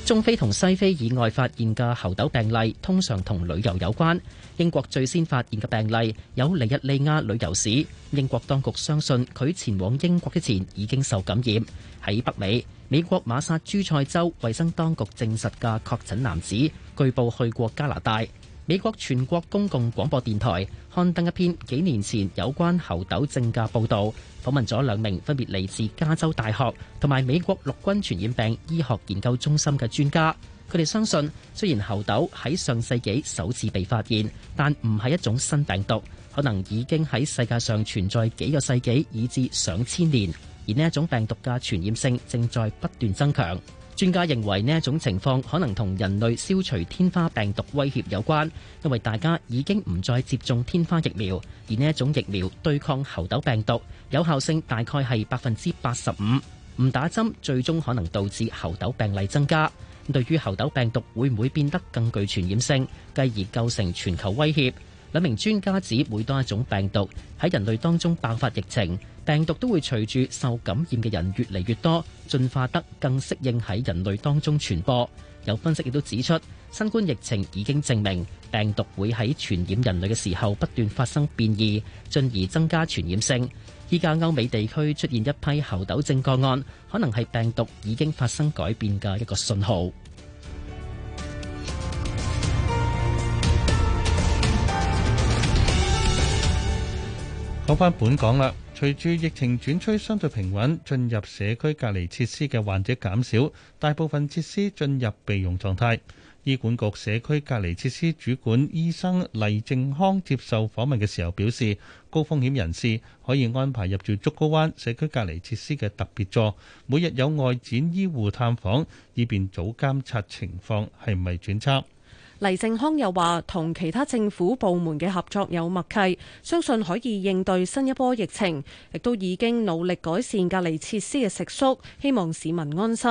中非同西非以外發現嘅猴痘病例，通常同旅遊有關，英國最先發現嘅病例有尼日利亞旅遊史，英國當局相信佢前往英國之前已經受感染。喺北美，美國馬薩諸塞州衛生當局證實嘅確診男子，據報去過加拿大。美國全國公共廣播電台刊登一篇幾年前有關猴痘症嘅報道，訪問咗兩名分別嚟自加州大學同埋美國陸軍傳染病醫學研究中心嘅專家。佢哋相信，雖然猴痘喺上世紀首次被發現，但唔係一種新病毒，可能已經喺世界上存在幾個世紀以至上千年。而呢一種病毒嘅傳染性正在不斷增強。專家認為呢一種情況可能同人類消除天花病毒威脅有關，因為大家已經唔再接種天花疫苗，而呢一種疫苗對抗猴痘病毒有效性大概係百分之八十五。唔打針最終可能導致猴痘病例增加。對於猴痘病毒會唔會變得更具傳染性，繼而構成全球威脅，兩名專家指每當一種病毒喺人類當中爆發疫情，病毒都會隨住受感染嘅人越嚟越多，進化得更適應喺人類當中傳播。有分析亦都指出，新冠疫情已經證明病毒會喺傳染人類嘅時候不斷發生變異，進而增加傳染性。依家歐美地區出現一批猴痘症個案，可能係病毒已經發生改變嘅一個信號。講翻本港啦。隨住疫情轉趨相對平穩，進入社區隔離設施嘅患者減少，大部分設施進入備用狀態。醫管局社區隔離設施主管醫生黎正康接受訪問嘅時候表示，高風險人士可以安排入住竹篙灣社區隔離設施嘅特別座，每日有外展醫護探訪，以便早監察情況係咪轉差。黎正康又話：同其他政府部門嘅合作有默契，相信可以應對新一波疫情，亦都已經努力改善隔離設施嘅食宿，希望市民安心。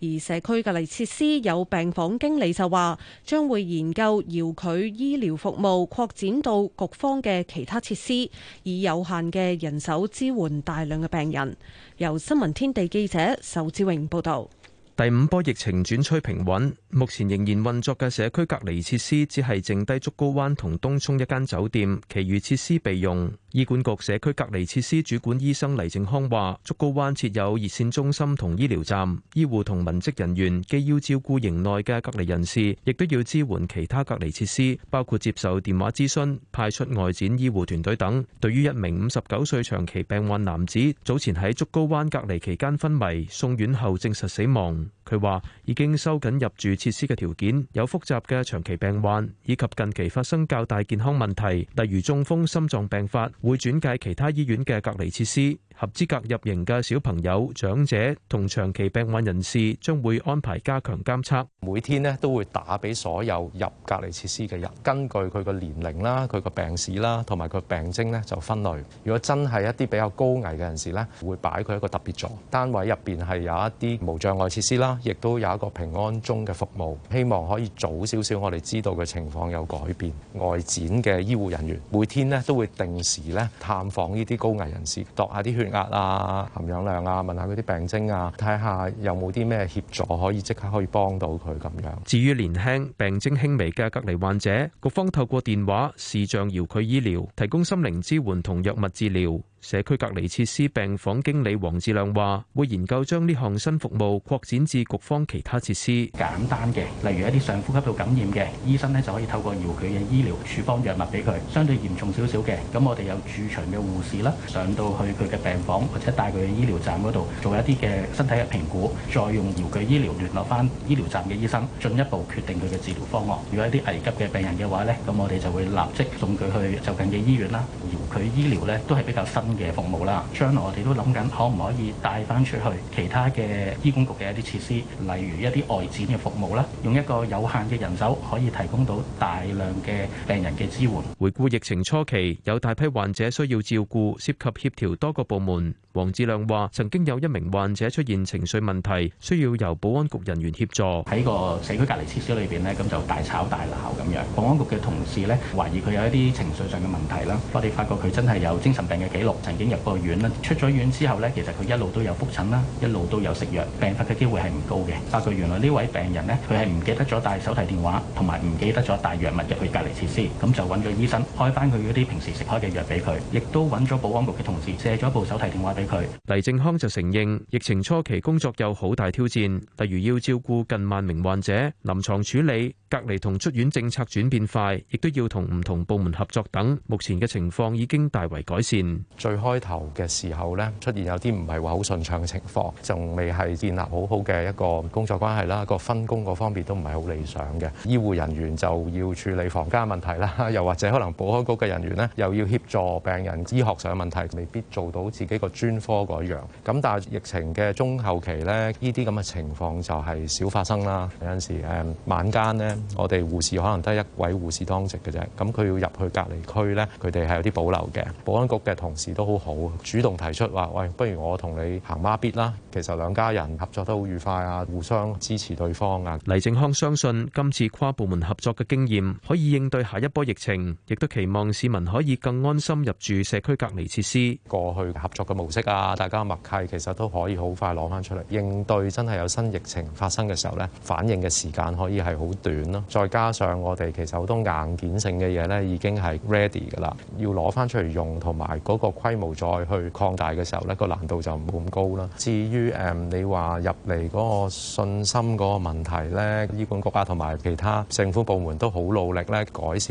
而社區隔離設施有病房經理就話：將會研究要佢醫療服務擴展到局方嘅其他設施，以有限嘅人手支援大量嘅病人。由新聞天地記者仇志榮報道。第五波疫情轉趨平穩，目前仍然運作嘅社區隔離設施，只係剩低竹篙灣同東涌一間酒店，其餘設施備用。醫管局社區隔離設施主管醫生黎正康話，竹篙灣設有熱線中心同醫療站，醫護同文職人員既要照顧營內嘅隔離人士，亦都要支援其他隔離設施，包括接受電話諮詢、派出外展醫護團隊等。對於一名五十九歲長期病患男子，早前喺竹篙灣隔離期間昏迷，送院後證實死亡。佢話已經收緊入住設施嘅條件，有複雜嘅長期病患以及近期發生較大健康問題，例如中風、心臟病發。會轉介其他醫院嘅隔離設施，合資格入營嘅小朋友、長者同長期病患人士，將會安排加強監測。每天呢都會打俾所有入隔離設施嘅人，根據佢個年齡啦、佢個病史啦同埋佢病徵咧就分類。如果真係一啲比較高危嘅人士咧，會擺佢一個特別座單位，入邊係有一啲無障礙設施啦，亦都有一個平安鐘嘅服務。希望可以早少少，我哋知道嘅情況有改變。外展嘅醫護人員每天呢都會定時。探訪呢啲高危人士，度下啲血壓啊、含氧量啊，問下佢啲病徵啊，睇下有冇啲咩協助可以即刻可以幫到佢咁樣。至於年輕病徵輕微嘅隔離患者，局方透過電話視像遙距醫療，提供心靈支援同藥物治療。社區隔離設施病房經理黃志亮話：會研究將呢項新服務擴展至局方其他設施。簡單嘅，例如一啲上呼吸道感染嘅醫生呢，就可以透過遙距嘅醫療處方藥物俾佢。相對嚴重少少嘅，咁我哋有駐場嘅護士啦，上到去佢嘅病房或者帶佢去醫療站嗰度做一啲嘅身體嘅評估，再用遙距醫療聯絡返醫療站嘅醫生，進一步決定佢嘅治療方案。如果一啲危急嘅病人嘅話呢，咁我哋就會立即送佢去就近嘅醫院啦。遙距醫療呢，都係比較新嘅服務啦，將來我哋都諗緊，可唔可以帶返出去其他嘅醫管局嘅一啲設施，例如一啲外展嘅服務咧，用一個有限嘅人手可以提供到大量嘅病人嘅支援。回顧疫情初期，有大批患者需要照顧，涉及協調多個部門。黃志亮話：曾經有一名患者出現情緒問題，需要由保安局人員協助喺個社區隔離設施裏邊咧，咁就大吵大鬧咁樣。保安局嘅同事咧，懷疑佢有一啲情緒上嘅問題啦。我哋發覺佢真係有精神病嘅記錄。曾經入過院啦，出咗院之後呢，其實佢一路都有覆診啦，一路都有食藥，病發嘅機會係唔高嘅。發覺原來呢位病人呢，佢係唔記得咗帶手提電話，同埋唔記得咗帶藥物入去隔離設施，咁就揾咗醫生開翻佢嗰啲平時食開嘅藥俾佢，亦都揾咗保安局嘅同事借咗部手提電話俾佢。黎正康就承認，疫情初期工作有好大挑戰，例如要照顧近萬名患者、臨床處理、隔離同出院政策轉變快，亦都要同唔同部門合作等。目前嘅情況已經大為改善。最開頭嘅時候呢，出現有啲唔係話好順暢嘅情況，仲未係建立好好嘅一個工作關係啦，個分工嗰方面都唔係好理想嘅。醫護人員就要處理房間問題啦，又或者可能保安局嘅人員呢又要協助病人醫學上嘅問題，未必做到自己個專科嗰樣。咁但係疫情嘅中後期呢，呢啲咁嘅情況就係少發生啦。有陣時誒、嗯，晚間呢，我哋護士可能得一位護士當值嘅啫，咁佢要入去隔離區呢，佢哋係有啲保留嘅。保安局嘅同事都，好好主動提出話，喂，不如我同你行孖咇啦。其實兩家人合作得好愉快啊，互相支持對方啊。黎正康相信今次跨部門合作嘅經驗，可以應對下一波疫情，亦都期望市民可以更安心入住社區隔離設施。過去合作嘅模式啊，大家默契其實都可以好快攞翻出嚟，應對真係有新疫情發生嘅時候呢，反應嘅時間可以係好短咯。再加上我哋其實好多硬件性嘅嘢呢，已經係 ready 噶啦，要攞翻出嚟用同埋嗰個。規模再去擴大嘅時候呢個難度就唔會咁高啦。至於誒你話入嚟嗰個信心嗰個問題咧，醫管局啊同埋其他政府部門都好努力咧，改善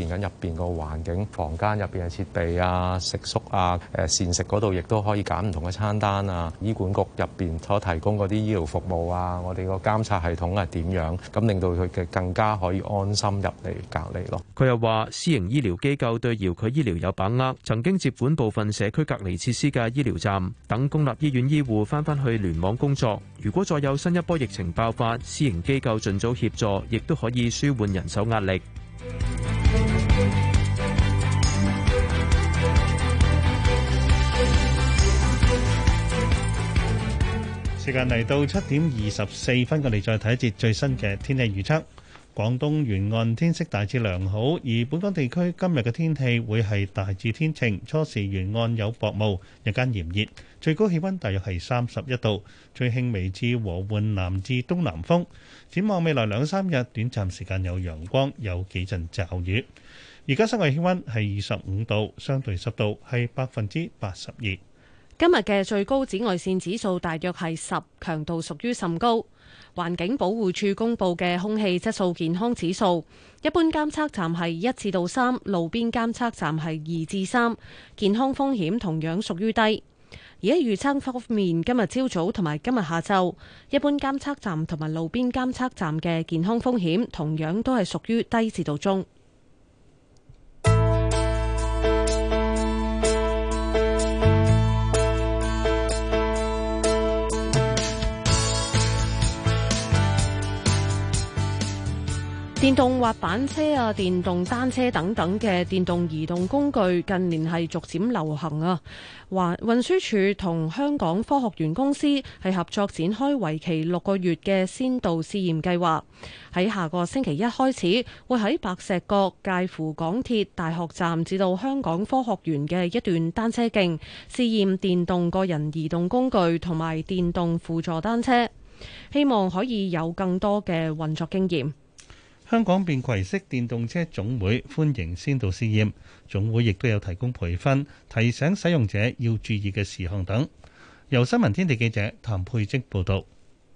緊入邊個環境、房間入邊嘅設備啊、食宿啊、誒膳食嗰度，亦都可以揀唔同嘅餐單啊。醫管局入邊所提供嗰啲醫療服務啊，我哋個監察系統係點樣，咁令到佢嘅更加可以安心入嚟隔離咯。佢又話：私營醫療機構對遙距醫療有把握，曾經接管部分社區。隔離設施嘅醫療站，等公立醫院醫護翻返去聯網工作。如果再有新一波疫情爆發，私營機構盡早協助，亦都可以舒緩人手壓力。時間嚟到七點二十四分，我哋再睇一節最新嘅天氣預測。廣東沿岸天色大致良好，而本港地區今日嘅天氣會係大致天晴，初時沿岸有薄霧，日間炎熱，最高氣溫大約係三十一度，最輕微至和緩南至東南風，展望未來兩三日，短暫時間有陽光，有幾陣驟雨。而家室外氣溫係二十五度，相對濕度係百分之八十二，今日嘅最高紫外線指數大約係十，強度屬於甚高。環境保護署公布嘅空氣質素健康指數，一般監測站係一至到三，3，路邊監測站係二至三，3，健康風險同樣屬於低。而喺預測方面，今日朝早同埋今日下晝，一般監測站同埋路邊監測站嘅健康風險同樣都係屬於低至到中。電動滑板車啊、電動單車等等嘅電動移動工具近年係逐漸流行啊。運輸署同香港科學園公司係合作展開為期六個月嘅先導試驗計劃，喺下個星期一開始會喺白石角介乎港鐵大學站至到香港科學園嘅一段單車徑試驗電動個人移動工具同埋電動輔助單車，希望可以有更多嘅運作經驗。香港便攜式電動車總會歡迎先導試驗，總會亦都有提供培訓，提醒使用者要注意嘅事項等。由新聞天地記者譚佩瓊報道。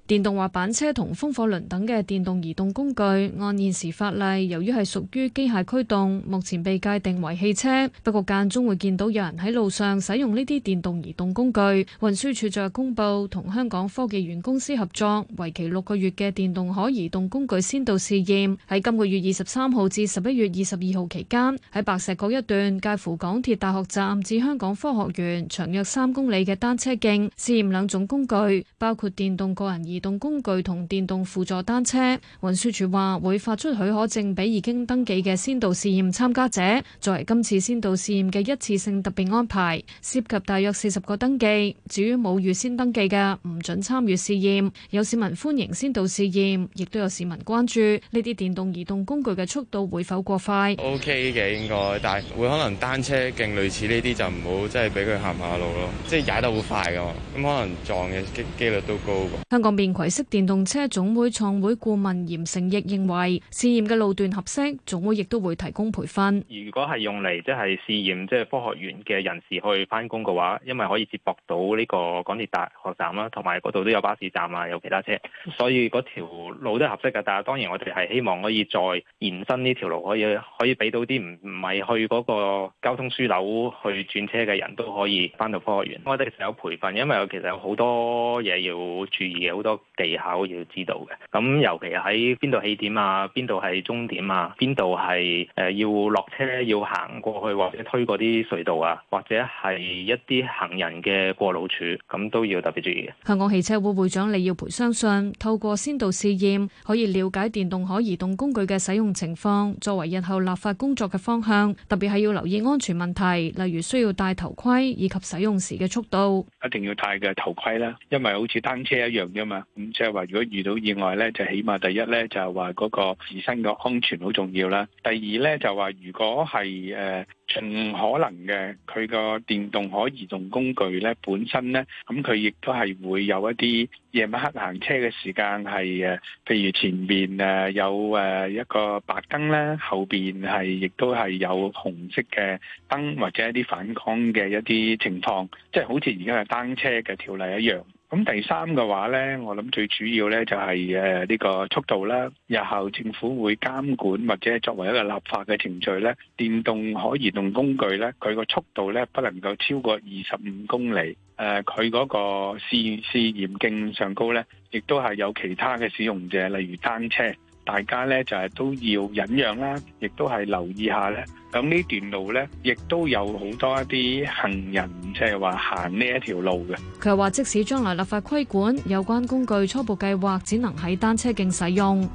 電動滑板車同風火輪等嘅電動移動工具，按現時法例，由於係屬於機械驅動，目前被界定為汽車。不過間中會見到有人喺路上使用呢啲電動移動工具。運輸署昨日公布，同香港科技園公司合作，為期六個月嘅電動可移動工具先導試驗，喺今個月二十三號至十一月二十二號期間，喺白石角一段介乎港鐵大學站至香港科學園，長約三公里嘅單車徑試驗兩種工具，包括電動個人移。移動工具同電動輔助單車，運輸署話會發出許可證俾已經登記嘅先導試驗參加者，作為今次先導試驗嘅一次性特別安排，涉及大約四十個登記。至於冇預先登記嘅，唔准參與試驗。有市民歡迎先導試驗，亦都有市民關注呢啲電動移動工具嘅速度會否過快。OK 嘅應該，但係會可能單車勁類似呢啲就唔好，即係俾佢行下路咯，即係踩得好快噶嘛，咁可能撞嘅機幾率都高。香港葵式電動車總會創會顧問嚴成亦認為試驗嘅路段合適，總會亦都會提供培訓。如果係用嚟即係試驗即係科學園嘅人士去翻工嘅話，因為可以接駁到呢個港鐵大學站啦，同埋嗰度都有巴士站啊，有其他車，所以嗰條路都係合適噶，但係當然我哋係希望可以再延伸呢條路可，可以可以俾到啲唔唔係去嗰個交通樞紐去轉車嘅人都可以翻到科學園，我哋其實有培訓，因為其實有好多嘢要注意嘅，好多。技巧要知道嘅，咁尤其喺邊度起點啊，邊度係終點啊，邊度係誒要落車咧，要行過去或者推嗰啲隧道啊，或者係一啲行人嘅過路處，咁都要特別注意嘅。香港汽車會會長李耀培相信透過先導試驗可以了解電動可移動工具嘅使用情況，作為日後立法工作嘅方向。特別係要留意安全問題，例如需要戴頭盔以及使用時嘅速度，一定要戴嘅頭盔啦，因為好似單車一樣啫嘛。咁即係話，如果遇到意外咧，就起碼第一咧就係話嗰個自身嘅安全好重要啦。第二咧就話、是，如果係誒盡可能嘅，佢個電動可移動工具咧本身咧，咁佢亦都係會有一啲夜晚黑行車嘅時間係誒，譬、呃、如前面誒、呃、有誒、呃、一個白燈咧，後邊係亦都係有紅色嘅燈或者一啲反光嘅一啲情況，即、就、係、是、好似而家嘅單車嘅條例一樣。咁第三嘅話呢，我諗最主要呢就係誒呢個速度啦。日後政府會監管或者作為一個立法嘅程序呢，電動可移動工具呢，佢個速度呢不能夠超過二十五公里。誒，佢嗰個試試驗徑上高呢，亦都係有其他嘅使用者，例如單車。大家咧就係都要忍讓啦，亦都係留意下咧。咁呢段路咧，亦都有好多一啲行人，即係話行呢一條路嘅。佢話即使將來立法規管有關工具，初步計劃只能喺單車徑使用。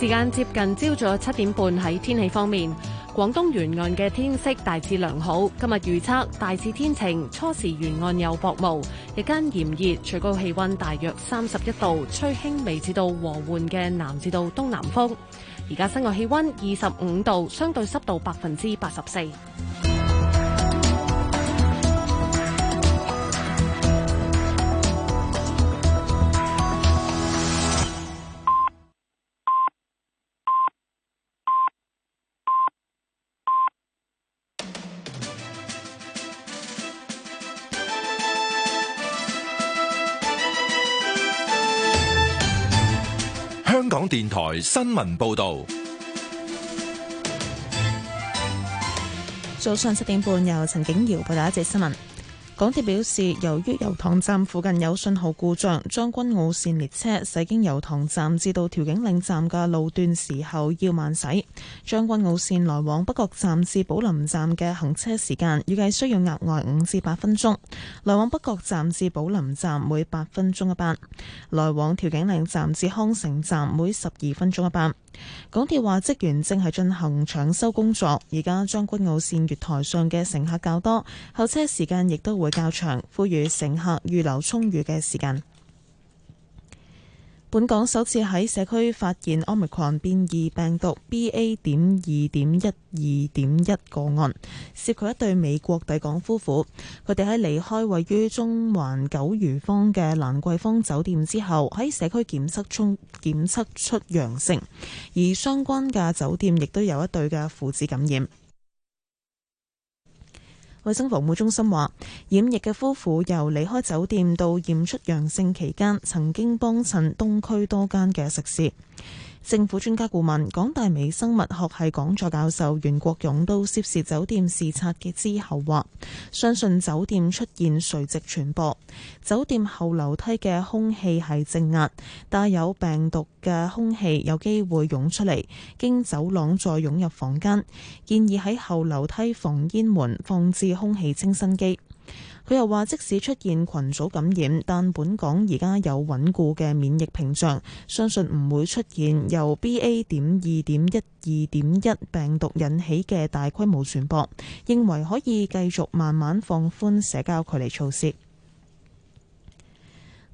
時間接近朝早七點半，喺天氣方面。廣東沿岸嘅天色大致良好，今日預測大致天晴，初時沿岸有薄霧，日間炎熱，最高氣温大約三十一度，吹輕微至到和緩嘅南至到東南風。而家室外氣溫二十五度，相對濕度百分之八十四。電台新聞報道。早上七點半，由陳景瑤報道一節新聞。港鐵表示，由於油塘站附近有信號故障，將軍澳線列車駛經油塘站至到調景嶺站嘅路段時候要慢駛。將軍澳線來往北角站至寶林站嘅行車時間預計需要額外五至八分鐘，來往北角站至寶林站每八分鐘一班，來往調景嶺站至康城站每十二分鐘一班。港鐵話職員正係進行搶修工作，而家將軍澳綫月台上嘅乘客較多，候車時間亦都會較長，呼籲乘客預留充裕嘅時間。本港首次喺社區發現 Omicron 變異病毒 BA. 點二點一二點一個案，涉及一對美國抵港夫婦，佢哋喺離開位於中環九如坊嘅蘭桂坊酒店之後，喺社區檢測中檢測出陽性，而相關嘅酒店亦都有一對嘅父子感染。衛生防護中心話，染疫嘅夫婦由離開酒店到驗出陽性期間，曾經幫襯東區多間嘅食肆。政府專家顧問、港大微生物學系講座教授袁國勇到涉事酒店視察嘅之後話：相信酒店出現垂直傳播，酒店後樓梯嘅空氣係正壓，帶有病毒嘅空氣有機會湧出嚟，經走廊再湧入房間。建議喺後樓梯防煙門放置空氣清新機。佢又話：即使出現群組感染，但本港而家有穩固嘅免疫屏障，相信唔會出現由 BA. 點二點一二點一病毒引起嘅大規模傳播，認為可以繼續慢慢放寬社交距離措施。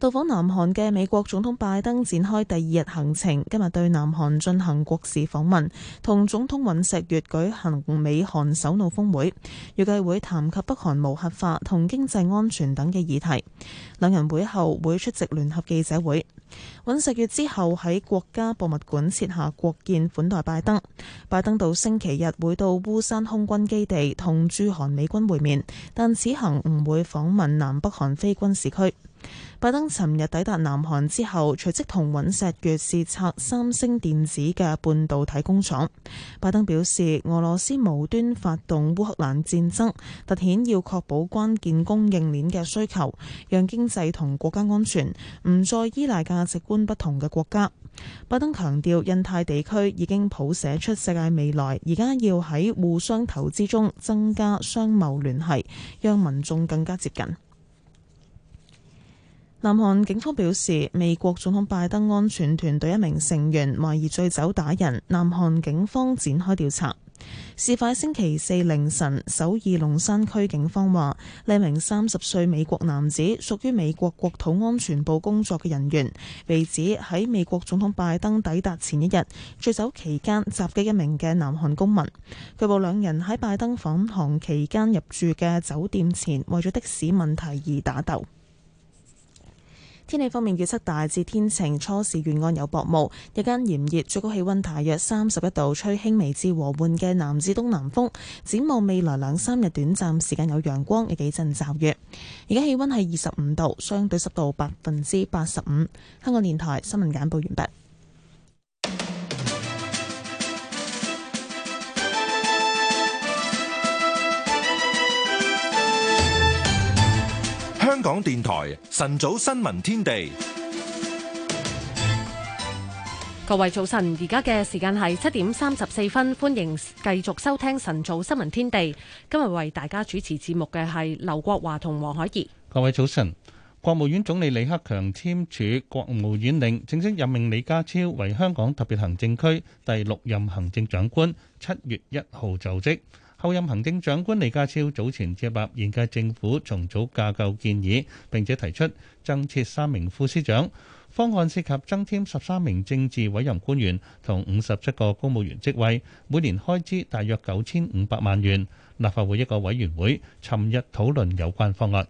到訪南韓嘅美國總統拜登展開第二日行程，今日對南韓進行國事訪問，同總統尹錫悅舉行美韓首腦峰會，預計會談及北韓無核化同經濟安全等嘅議題。兩人會後會出席聯合記者會。尹錫悅之後喺國家博物館設下國宴款待拜登。拜登到星期日會到烏山空軍基地同駐韓美軍會面，但此行唔會訪問南北韓非軍事區。拜登尋日抵達南韓之後隨即同尹錫悅視察三星電子嘅半導體工廠。拜登表示，俄羅斯無端發動烏克蘭戰爭，凸顯要確保關鍵供應鏈嘅需求，讓經濟同國家安全唔再依賴價值觀不同嘅國家。拜登強調，印太地區已經譜寫出世界未來，而家要喺互相投資中增加商貿聯繫，讓民眾更加接近。南韓警方表示，美國總統拜登安全團隊一名成員懷疑醉酒打人，南韓警方展開調查。事發星期四凌晨，首爾龍山區警方話，呢名三十歲美國男子屬於美國國土安全部工作嘅人員，被指喺美國總統拜登抵達前一日醉酒期間襲擊一名嘅南韓公民。據報兩人喺拜登訪韓期間入住嘅酒店前，為咗的士問題而打鬥。天氣方面預測大致天晴，初時沿岸有薄霧，日間炎熱，最高氣溫大約三十一度，吹輕微至和緩嘅南至東南風。展望未來兩三日短暫時間有陽光，有幾陣驟雨。而家氣溫係二十五度，相對濕度百分之八十五。香港電台新聞簡報完畢。香港電台晨早新聞天地，各位早晨，而家嘅時間係七點三十四分，歡迎繼續收聽晨早新聞天地。今日為大家主持節目嘅係劉國華同黃海怡。各位早晨，國務院總理李克強簽署國務院令，正式任命李家超為香港特別行政區第六任行政長官，七月一號就職。後任行政長官李家超早前接納現屆政府重組架構建議，並且提出增設三名副司長，方案涉及增添十三名政治委任官員同五十七個公務員職位，每年開支大約九千五百萬元。立法會一個委員會尋日討論有關方案。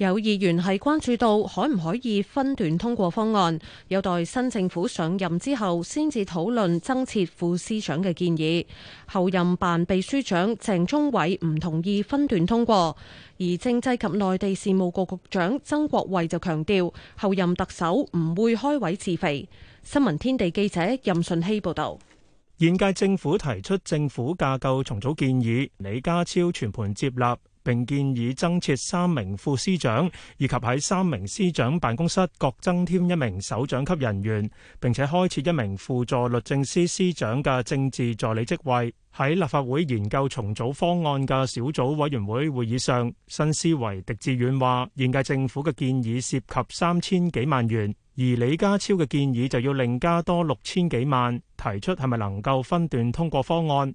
有議員係關注到可唔可以分段通過方案，有待新政府上任之後先至討論增設副司長嘅建議。後任辦秘書長鄭中偉唔同意分段通過，而政制及內地事務局局長曾國衛就強調後任特首唔會開位自肥。新聞天地記者任順希報道：「現屆政府提出政府架構重組建議，李家超全盤接納。並建議增設三名副司長，以及喺三名司長辦公室各增添一名首長級人員，並且開設一名輔助律政司司長嘅政治助理職位。喺立法會研究重組方案嘅小組委員會會議上，新思維狄志遠話：現屆政府嘅建議涉及三千幾萬元，而李家超嘅建議就要另加多六千幾萬，提出係咪能夠分段通過方案？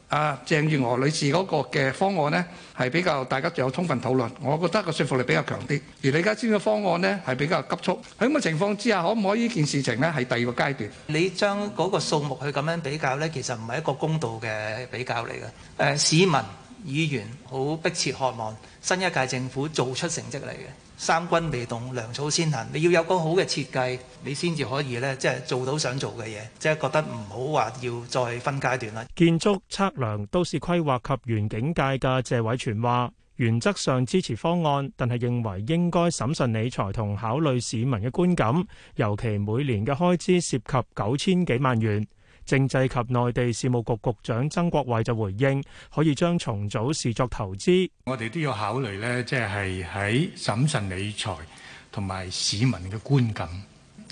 啊，鄭月娥女士嗰個嘅方案呢，係比較大家仲有充分討論，我覺得個說服力比較強啲。而李家超嘅方案呢，係比較急促。喺咁嘅情況之下，可唔可以呢件事情呢？係第二個階段？你將嗰個數目去咁樣比較呢，其實唔係一個公道嘅比較嚟嘅。誒、呃，市民、議員好迫切渴望新一屆政府做出成績嚟嘅。三軍未動，糧草先行。你要有個好嘅設計，你先至可以咧，即係做到想做嘅嘢。即係覺得唔好話要再分階段啦。建築測量都市規劃及園境界嘅謝偉銓話，原則上支持方案，但係認為應該審慎理財同考慮市民嘅觀感，尤其每年嘅開支涉及九千幾萬元。政制及內地事務局局長曾國衛就回應：可以將重組視作投資，我哋都要考慮咧，即係喺審慎理財同埋市民嘅觀感，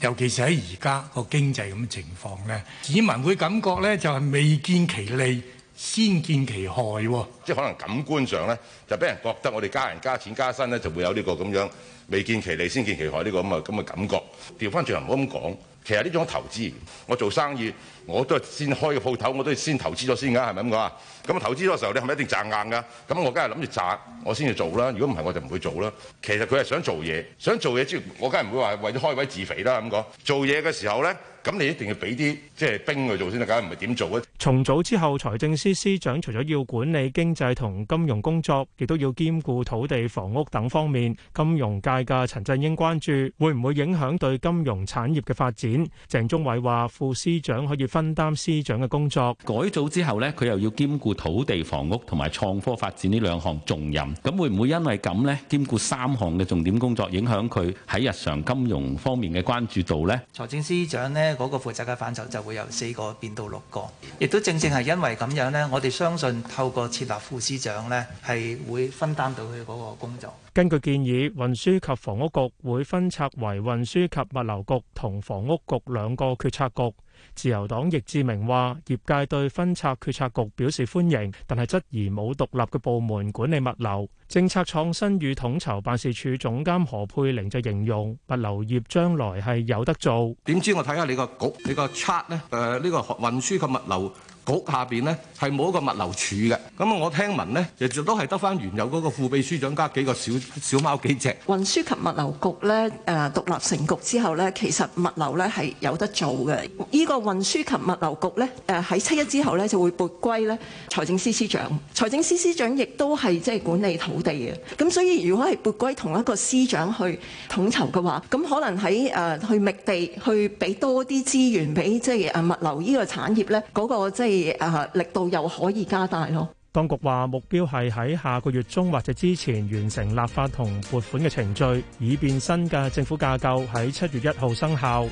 尤其是喺而家個經濟咁嘅情況咧，市民會感覺咧就係、是、未見其利先見其害喎。即係可能感官上咧，就俾人覺得我哋加人加錢加薪咧，就會有呢個咁樣。未見其利先見其害呢個咁嘅感覺，調翻轉又唔好咁講。其實呢種投資，我做生意我都係先開個鋪頭，我都係先，先投資咗先㗎，係咪咁講啊？咁投資咗嘅時候，你係咪一定賺硬㗎？咁我梗係諗住賺，我先去做啦。如果唔係，我就唔會做啦。其實佢係想做嘢，想做嘢之，我梗係唔會話為咗開位自肥啦。咁講做嘢嘅時候呢。咁你一定要俾啲即係兵去做先得，梗唔係點做咧？重組之後，財政司司長除咗要管理經濟同金融工作，亦都要兼顧土地、房屋等方面。金融界嘅陳振英關注會唔會影響對金融產業嘅發展？鄭中偉話：副司長可以分擔司長嘅工作。改組之後呢，佢又要兼顧土地、房屋同埋創科發展呢兩項重任。咁會唔會因為咁呢？兼顧三項嘅重點工作，影響佢喺日常金融方面嘅關注度呢？財政司長呢？嗰個負責嘅範疇就會由四個變到六個，亦都正正係因為咁樣咧，我哋相信透過設立副司長咧，係會分擔到佢嗰個工作。根據建議，運輸及房屋局會分拆為運輸及物流局同房屋局兩個決策局。自由黨易志明話：業界對分拆決策局表示歡迎，但係質疑冇獨立嘅部門管理物流。政策創新與統籌辦事處總監何佩玲就形容，物流業將來係有得做。點知我睇下你個局，你個 chart 呢？誒，呢個運輸及物流。局下邊咧係冇一個物流處嘅，咁啊我聽聞咧，亦都係得翻原有嗰個副秘書長加幾個小小貓幾隻。運輸及物流局咧，誒，獨立成局之後咧，其實物流咧係有得做嘅。呢、這個運輸及物流局咧誒喺七一之後咧就會撥歸咧財政司司長，財政司司長亦都係即係管理土地嘅。咁所以如果係撥歸同一個司長去統籌嘅話，咁可能喺誒、呃、去覓地去俾多啲資源俾即係誒物流呢個產業咧嗰、那個即係。啊！力度又可以加大咯。當局話目標係喺下個月中或者之前完成立法同撥款嘅程序，以便新嘅政府架構喺七月一號生效。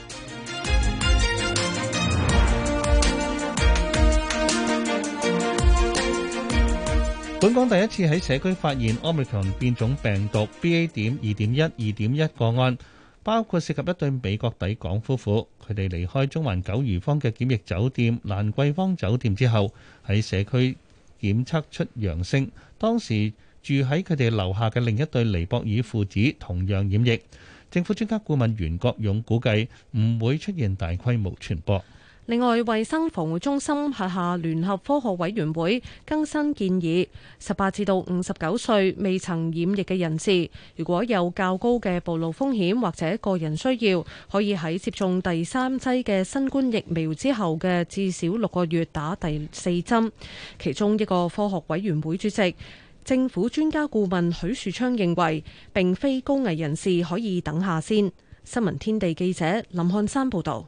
本港第一次喺社區發現 Omicron 變種病毒 BA. 點二點一二點一個案。包括涉及一對美國抵港夫婦，佢哋離開中環九如坊嘅檢疫酒店蘭桂坊酒店之後，喺社區檢測出陽性。當時住喺佢哋樓下嘅另一對尼泊爾父子同樣染疫。政府專家顧問袁國勇估計唔會出現大規模傳播。另外，衞生防護中心轄下聯合科學委員會更新建議：十八至到五十九歲未曾染疫嘅人士，如果有較高嘅暴露風險或者個人需要，可以喺接種第三劑嘅新冠疫苗之後嘅至少六個月打第四針。其中一個科學委員會主席、政府專家顧問許樹昌認為，並非高危人士可以等下先。新聞天地記者林漢山報導。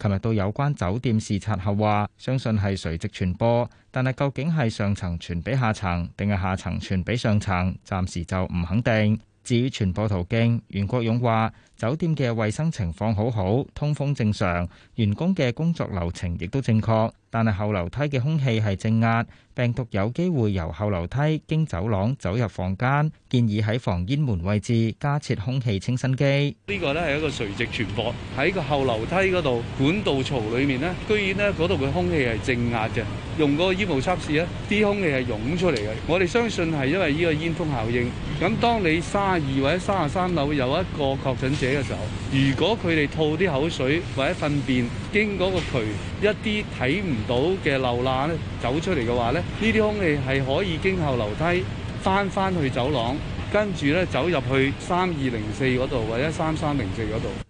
琴日到有關酒店視察後話，話相信係垂直傳播，但係究竟係上層傳俾下層，定係下層傳俾上層，暫時就唔肯定。至於傳播途徑，袁國勇話：酒店嘅衛生情況好好，通風正常，員工嘅工作流程亦都正確，但係後樓梯嘅空氣係正壓。病毒有機會由後樓梯經走廊走入房間，建議喺防煙門位置加設空氣清新機。呢個咧係一個垂直傳播，喺個後樓梯嗰度管道槽裏面咧，居然呢嗰度嘅空氣係正壓嘅，用個煙霧測試咧，啲空氣係湧出嚟嘅。我哋相信係因為呢個煙風效應。咁當你卅二或者卅三樓有一個確診者嘅時候，如果佢哋吐啲口水或者糞便經嗰個渠一啲睇唔到嘅漏罅咧走出嚟嘅話咧。呢啲空氣係可以經後樓梯返返去走廊，跟住咧走入去三二零四嗰度或者三三零四嗰度。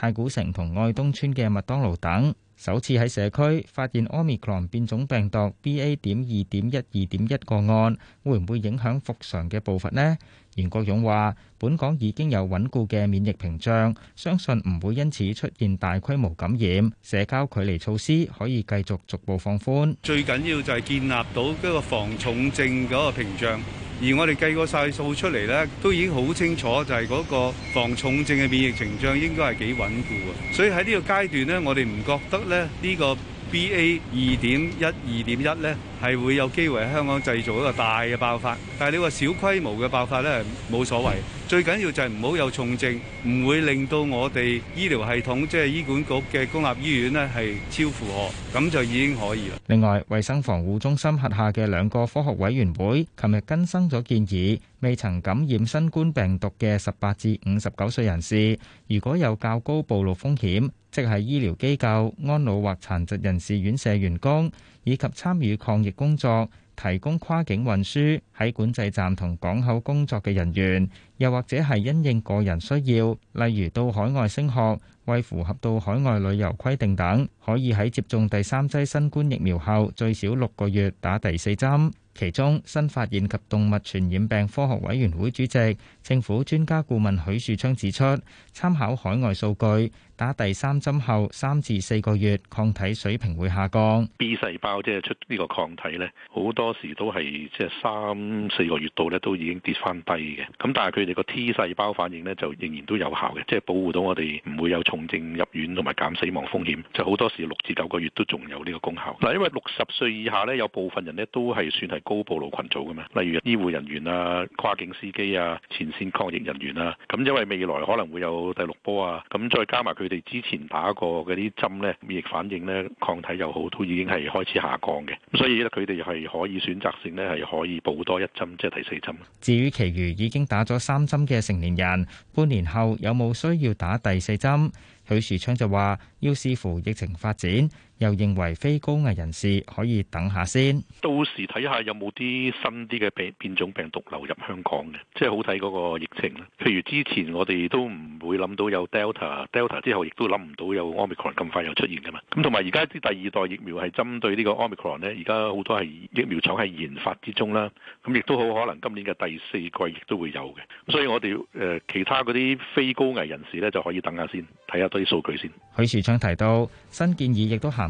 太古城同愛東村嘅麥當勞等，首次喺社區發現 Omicron 變種病毒 BA.2.12.1 個案，會唔會影響復常嘅步伐呢？袁國勇話，本港已經有穩固嘅免疫屏障，相信唔會因此出現大規模感染。社交距離措施可以繼續逐步放寬。最緊要就係建立到一個防重症嗰個屏障，而我哋計過晒數出嚟呢，都已經好清楚，就係嗰個防重症嘅免疫屏障應該係幾穩固。所以喺呢個階段呢，我哋唔覺得咧、這、呢個。B A 二點一、二點一咧，係會有機會喺香港製造一個大嘅爆發，但係你話小規模嘅爆發咧，冇所謂、嗯、最緊要就係唔好有重症，唔會令到我哋醫療系統，即係醫管局嘅公立醫院咧，係超負荷，咁就已經可以啦。另外，衛生防護中心轄下嘅兩個科學委員會琴日更新咗建議，未曾感染新冠病毒嘅十八至五十九歲人士，如果有較高暴露風險。即係醫療機構、安老或殘疾人士院舍員工，以及參與抗疫工作，提供跨境運輸，喺管制站同港口工作嘅人員，又或者係因應個人需要，例如到海外升學、為符合到海外旅遊規定等，可以喺接種第三劑新冠疫苗後最少六個月打第四針。其中，新發現及動物傳染病科學委員會主席、政府專家顧問許樹昌指出，參考海外數據，打第三針後三至四個月抗體水平會下降。B 細胞即係出呢個抗體呢，好多時都係即係三四個月度咧都已經跌翻低嘅，咁但係佢哋個 T 細胞反應咧就仍然都有效嘅，即係保護到我哋唔會有重症入院同埋減死亡風險。就好多時六至九個月都仲有呢個功效。嗱，因為六十歲以下咧有部分人咧都係算係高暴露群組嘅咩，例如醫護人員啊、跨境司機啊、前線抗疫人員啊。咁因為未來可能會有第六波啊，咁再加埋佢哋之前打過嗰啲針咧，免疫反應咧抗體又好，都已經係開始下降嘅。咁所以咧，佢哋係可以選擇性咧係可以補多一針即係第四針。至於其餘已經打咗三針嘅成年人，半年後有冇需要打第四針？許樹昌就話，要視乎疫情發展。又認為非高危人士可以等下先，到時睇下有冇啲新啲嘅變變種病毒流入香港嘅，即係好睇嗰個疫情。譬如之前我哋都唔會諗到有 Delta，Delta 之後亦都諗唔到有 Omicron 咁快又出現噶嘛。咁同埋而家啲第二代疫苗係針對個呢個 Omicron 咧，而家好多係疫苗廠喺研發之中啦。咁亦都好可能今年嘅第四季亦都會有嘅。所以我哋誒、呃、其他嗰啲非高危人士咧就可以等下先，睇下多啲數據先。許樹昌提到新建議亦都行。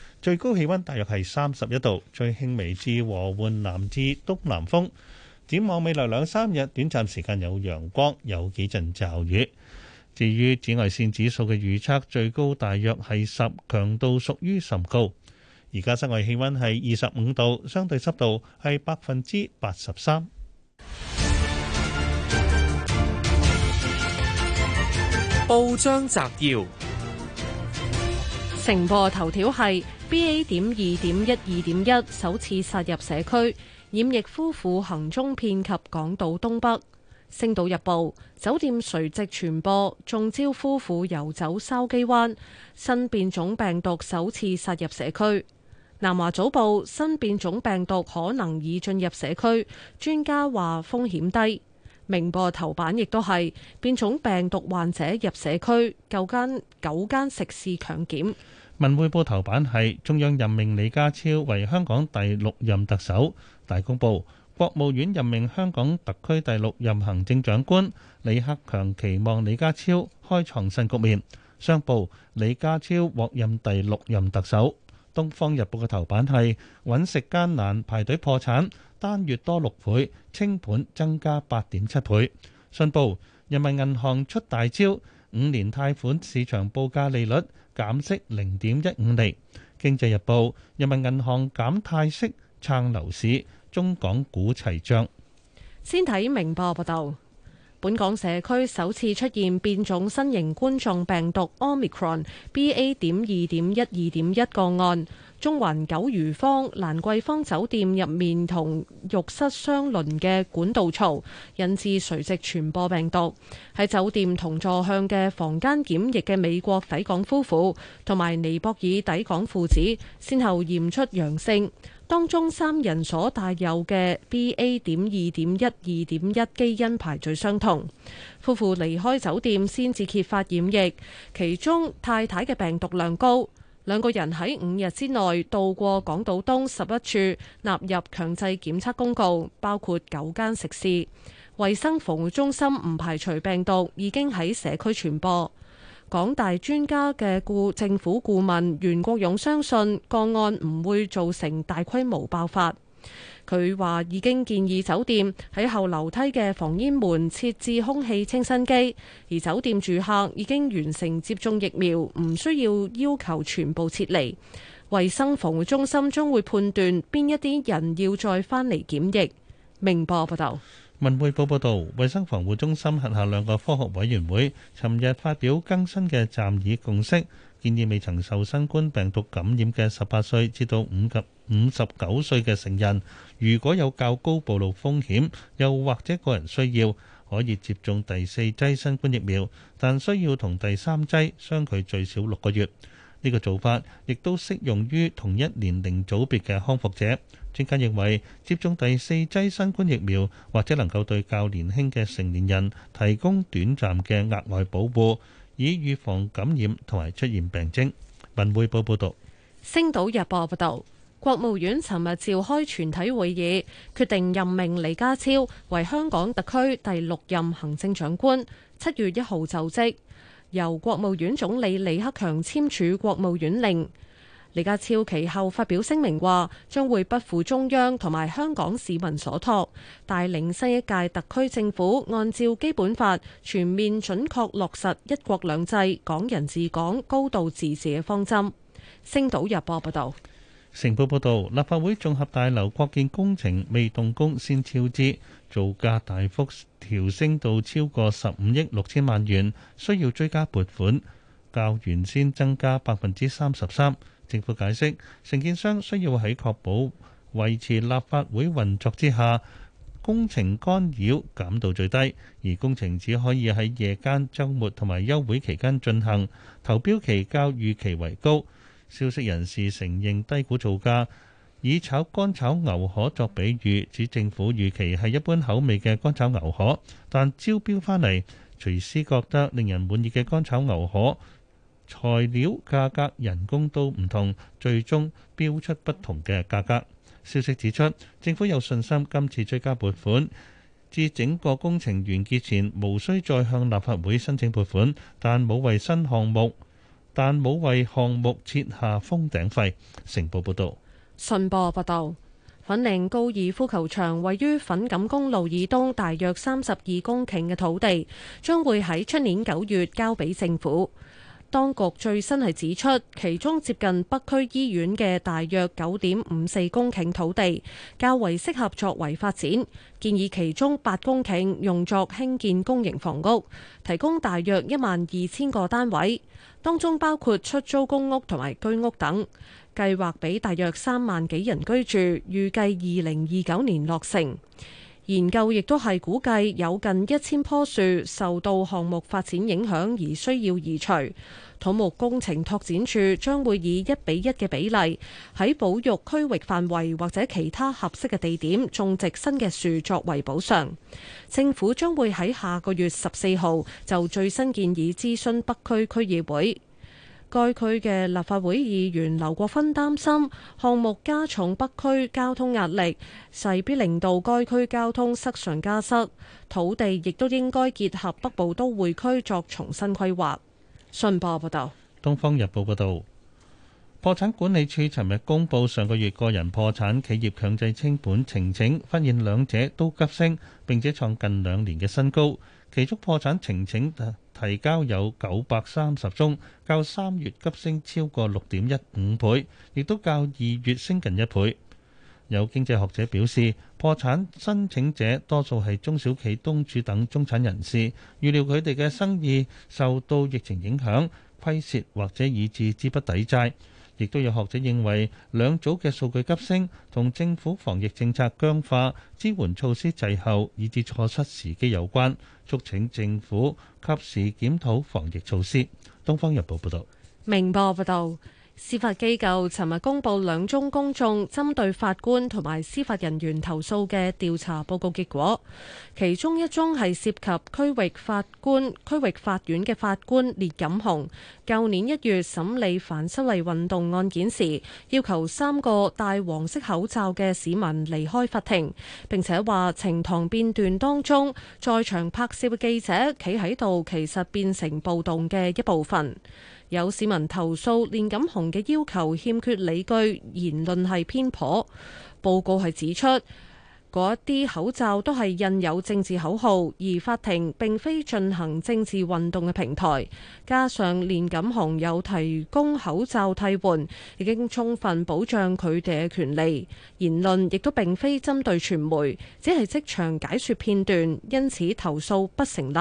最高氣溫大約係三十一度，最輕微至和緩南至東南風。展望未來兩三日，短暫時間有陽光，有幾陣驟雨。至於紫外線指數嘅預測，最高大約係十，強度屬於甚高。而家室外氣溫係二十五度，相對濕度係百分之八十三。報章摘要，成報頭條係。BA. 點二點一二點一首次殺入社區，染疫夫婦行蹤遍及港島東北。星島日報：酒店垂直傳播，中招夫婦游走筲箕灣。新變種病毒首次殺入社區。南華早報：新變種病毒可能已進入社區，專家話風險低。明報頭版亦都係變種病毒患者入社區，舊間九間食肆強檢。文匯報頭版係中央任命李家超為香港第六任特首。大公報國務院任命香港特區第六任行政長官李克強，期望李家超開創新局面。商報李家超獲任第六任特首。東方日報嘅頭版係揾食艱難，排隊破產，單月多六倍，清盤增加八點七倍。信報人民銀行出大招，五年貸款市場報價利率，減息零點一五厘。經濟日報，人民銀行減貸息撐樓市，中港股齊漲。先睇明報報道，本港社區首次出現變種新型冠狀病毒 Omicron BA. 點二點一二點一個案。中環九如坊蘭桂坊酒店入面同浴室相鄰嘅管道槽，引致垂直傳播病毒。喺酒店同座向嘅房間檢疫嘅美國抵港夫婦同埋尼泊爾抵港父子，先後驗出陽性，當中三人所帶有嘅 BA. 點二點一二點一基因排序相同。夫婦離開酒店先至揭發染疫，其中太太嘅病毒量高。兩個人喺五日之內到過港島東十一處，納入強制檢測公告，包括九間食肆。衞生防護中心唔排除病毒已經喺社區傳播。港大專家嘅顧政府顧問袁國勇相信個案唔會造成大規模爆發。佢話已經建議酒店喺後樓梯嘅防煙門設置空氣清新機，而酒店住客已經完成接種疫苗，唔需要要求全部撤離。衞生防護中心將會判斷邊一啲人要再返嚟檢疫。明報報道，文匯報報道，衞生防護中心轄下兩個科學委員會，尋日發表更新嘅暫議共識。建議未曾受新冠病毒感染嘅十八歲至到五及五十九歲嘅成人，如果有較高暴露風險，又或者個人需要，可以接種第四劑新冠疫苗，但需要同第三劑相距最少六個月。呢、這個做法亦都適用於同一年齡組別嘅康復者。專家認為，接種第四劑新冠疫苗，或者能夠對較年輕嘅成年人提供短暫嘅額外保護。以預防感染同埋出現病徵。文匯報報道，《星島日報》報道，國務院尋日召開全體會議，決定任命李家超為香港特區第六任行政長官，七月一號就職，由國務院總理李克強簽署國務院令。李家超其後發表聲明話，將會不負中央同埋香港市民所託，帶領新一屆特區政府按照基本法全面準確落實一國兩制、港人治港、高度自治嘅方針。星島日報報導，成報報導，立法會綜合大樓擴建工程未動工先超支，造價大幅調升到超過十五億六千萬元，需要追加撥款，較原先增加百分之三十三。政府解釋，承建商需要喺確保維持立法會運作之下，工程干擾減到最低，而工程只可以喺夜間、週末同埋休會期間進行。投標期較預期為高，消息人士承認低估造價，以炒乾炒牛河作比喻，指政府預期係一般口味嘅乾炒牛河，但招標翻嚟，廚師覺得令人滿意嘅乾炒牛河。材料價格、人工都唔同，最終標出不同嘅價格。消息指出，政府有信心今次追加撥款，至整個工程完結前無需再向立法會申請撥款，但冇為新項目但冇為項目設下封頂費。成報報道，信報報道粉嶺高爾夫球場位於粉錦公路以東，大約三十二公頃嘅土地將會喺出年九月交俾政府。當局最新係指出，其中接近北區醫院嘅大約九點五四公頃土地較為適合作為發展，建議其中八公頃用作興建公營房屋，提供大約一萬二千個單位，當中包括出租公屋同埋居屋等，計劃俾大約三萬幾人居住，預計二零二九年落成。研究亦都係估計有近一千棵樹受到項目發展影響而需要移除，土木工程拓展處將會以一比一嘅比例，喺保育區域範圍或者其他合適嘅地點種植新嘅樹作為補償。政府將會喺下個月十四號就最新建議諮詢北區區議會。該區嘅立法會議員劉國勳擔心項目加重北區交通壓力，勢必令到該區交通塞上加塞。土地亦都應該結合北部都會區作重新規劃。信報報道，《東方日報》報道，破產管理處尋日公佈上個月個人破產、企業強制清盤情景，發現兩者都急升，並且創近兩年嘅新高。其中破產申請提交有九百三十宗，較三月急升超過六點一五倍，亦都較二月升近一倍。有經濟學者表示，破產申請者多數係中小企、東主等中產人士，預料佢哋嘅生意受到疫情影響，虧蝕或者以致資不抵債。亦都有學者認為，兩組嘅數據急升，同政府防疫政策僵化、支援措施滯後，以致錯失時機有關。促請政府及時檢討防疫措施。《東方日報》報道。《明報》報道。司法機構尋日公布兩宗公眾針對法官同埋司法人員投訴嘅調查報告結果，其中一宗係涉及區域法官，區域法院嘅法官列錦雄，舊年一月審理反修例運動案件時，要求三個戴黃色口罩嘅市民離開法庭，並且話呈堂辯斷當中，在場拍攝嘅記者企喺度，其實變成暴動嘅一部分。有市民投訴，練錦雄嘅要求欠缺理據，言論係偏頗。報告係指出，嗰一啲口罩都係印有政治口號，而法庭並非進行政治運動嘅平台。加上練錦雄有提供口罩替換，已經充分保障佢哋嘅權利。言論亦都並非針對傳媒，只係即場解説片段，因此投訴不成立。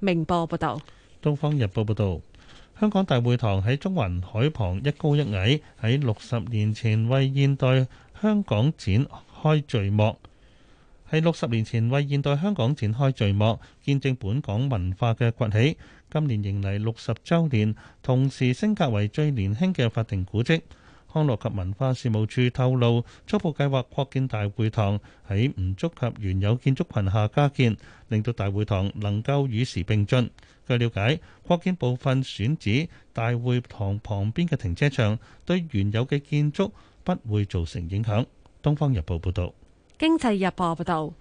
明報報導，《東方日報》報導。香港大會堂喺中環海旁一高一矮，喺六十年前為現代香港展開序幕，喺六十年前為現代香港展開序幕，見證本港文化嘅崛起。今年迎嚟六十週年，同時升格為最年輕嘅法定古蹟。康樂及文化事務署透露，初步計劃擴建大會堂，喺唔觸及原有建築羣下加建，令到大會堂能夠與時並進。據了解，擴建部分選址大會堂旁邊嘅停車場，對原有嘅建築不會造成影響。東方日報報道，經濟日報報道，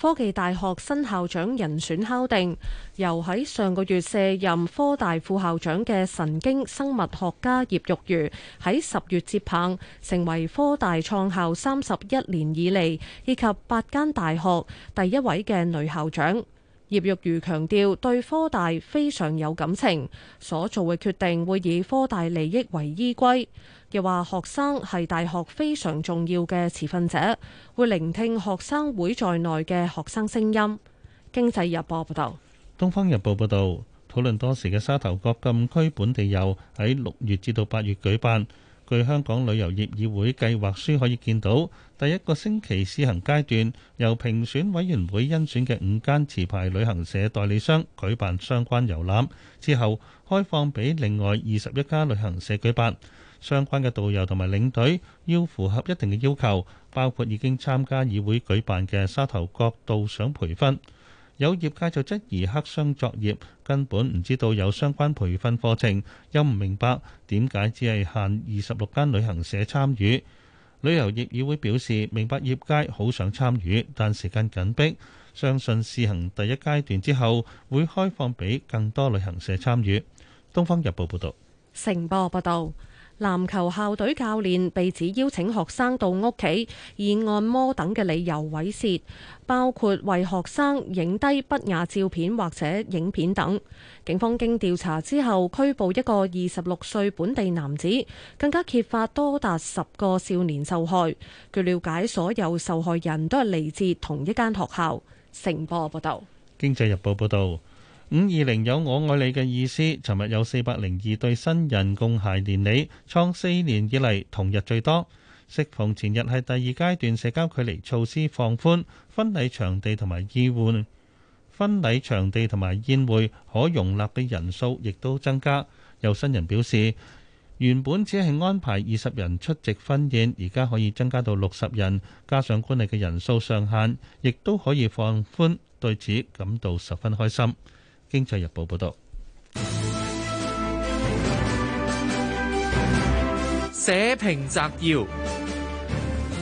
科技大學新校長人選敲定，由喺上個月卸任科大副校長嘅神經生物學家葉玉如喺十月接棒，成為科大創校三十一年以嚟以及八間大學第一位嘅女校長。葉玉如強調對科大非常有感情，所做嘅決定會以科大利益為依歸。又話學生係大學非常重要嘅持份者，會聆聽學生會在內嘅學生聲音。經濟日報報道，東方日報報道，討論多時嘅沙頭角禁區本地遊喺六月至到八月舉辦。據香港旅遊業議會計劃書可以見到，第一個星期試行階段由評選委員會甄選嘅五間持牌旅行社代理商舉辦相關遊覽，之後開放俾另外二十一間旅行社舉辦。相關嘅導遊同埋領隊要符合一定嘅要求，包括已經參加議會舉辦嘅沙頭角導賞培訓。有業界就質疑黑箱作業根本唔知道有相關培訓課程，又唔明白點解只係限二十六間旅行社參與。旅遊業議會表示明白業界好想參與，但時間緊迫，相信試行第一階段之後會開放俾更多旅行社參與。《東方日報》報道。成報報導。籃球校隊教練被指邀請學生到屋企，以按摩等嘅理由猥褻，包括為學生影低不雅照片或者影片等。警方經調查之後，拘捕一個二十六歲本地男子，更加揭發多達十個少年受害。據了解，所有受害人都係嚟自同一間學校。成報報道，《經濟日報》報道。五二零有我愛你嘅意思。尋日有四百零二對新人共諧連理，創四年以嚟同日最多。適逢前日係第二階段社交距離措施放寬，婚禮場地同埋意換婚禮場地同埋宴會可容納嘅人數亦都增加。有新人表示，原本只係安排二十人出席婚宴，而家可以增加到六十人，加上觀禮嘅人數上限，亦都可以放寬。對此感到十分開心。《經濟日報》報導，社評摘要：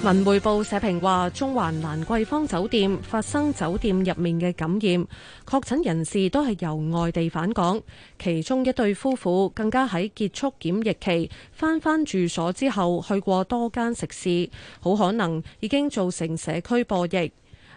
文匯報社評話，中環蘭桂坊酒店發生酒店入面嘅感染，確診人士都係由外地返港，其中一對夫婦更加喺結束檢疫期翻返住所之後，去過多間食肆，好可能已經造成社區播疫。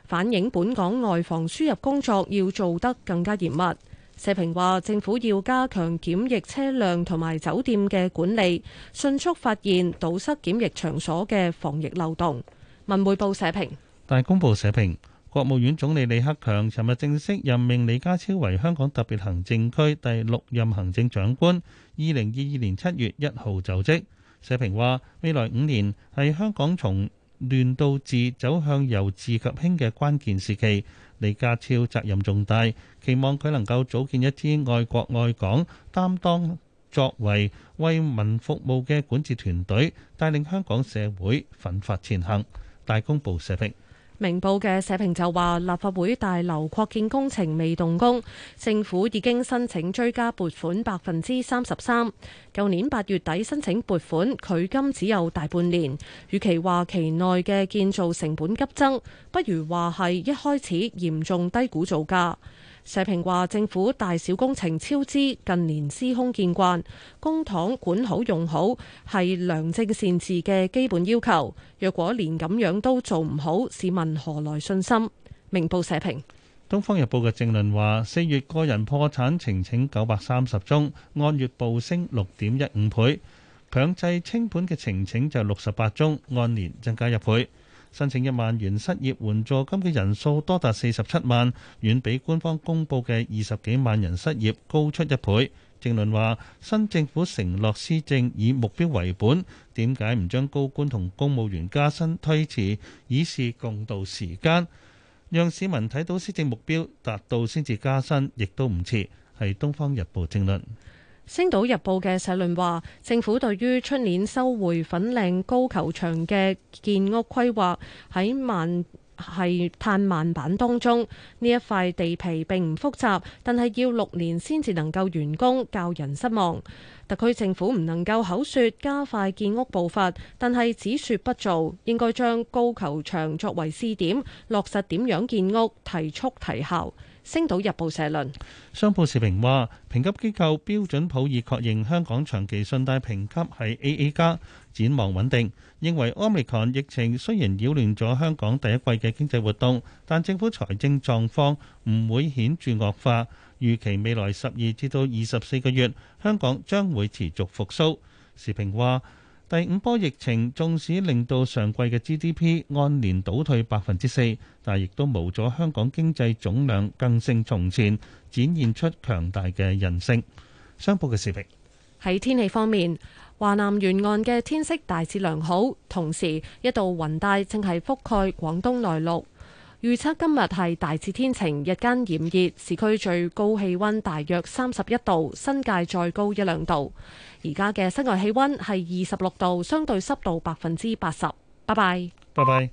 反映本港外防輸入工作要做得更加嚴密。社評話，政府要加強檢疫車輛同埋酒店嘅管理，迅速發現堵塞檢疫場所嘅防疫漏洞。文匯報社評，大公報社評。國務院總理李克強尋日正式任命李家超為香港特別行政區第六任行政長官，二零二二年七月一號就職。社評話，未來五年係香港從亂到治走向由治及興嘅關鍵時期，李家超責任重大，期望佢能夠組建一支愛國愛港、擔當作為、為民服務嘅管治團隊，帶領香港社會奮發前行。大公報社評。明報嘅社評就話，立法會大樓擴建工程未動工，政府已經申請追加撥款百分之三十三。舊年八月底申請撥款，距今只有大半年，與其話期內嘅建造成本急增，不如話係一開始嚴重低估造價。社評話政府大小工程超支近年司空見慣，公帑管好用好係良政善治嘅基本要求。若果連咁樣都做唔好，市民何來信心？明報社評。東方日報嘅政論話，四月個人破產呈請九百三十宗，按月暴升六點一五倍，強制清盤嘅呈請就六十八宗，按年增加一倍。申請一萬元失業援助金嘅人數多達四十七萬，遠比官方公佈嘅二十幾萬人失業高出一倍。正論話：新政府承諾施政以目標為本，點解唔將高官同公務員加薪推遲，以示共渡時間，讓市民睇到施政目標達到先至加薪，亦都唔遲。係《東方日報》正論。《星島日報》嘅社論話，政府對於出年收回粉嶺高球場嘅建屋規劃喺慢係嘆慢板當中，呢一塊地皮並唔複雜，但係要六年先至能夠完工，教人失望。特區政府唔能夠口說加快建屋步伐，但係只說不做，應該將高球場作為試點，落實點樣建屋，提速提效。星島日報社論。商報時評話，評級機構標準普爾確認香港長期信貸評級係 AA 加，展望穩定。認為 Omicron 疫情雖然擾亂咗香港第一季嘅經濟活動，但政府財政狀況唔會顯著惡化。預期未來十二至到二十四個月，香港將會持續復蘇。時評話。第五波疫情，縱使令到上季嘅 GDP 按年倒退百分之四，但亦都冇咗香港經濟總量更勝從前，展現出強大嘅韌性。商報嘅視頻。喺天氣方面，華南沿岸嘅天色大致良好，同時一度雲帶正係覆蓋廣東內陸。預測今日係大致天晴，日間炎熱，市區最高氣温大約三十一度，新界再高一兩度。而家嘅室外氣温係二十六度，相對濕度百分之八十。拜拜，拜拜。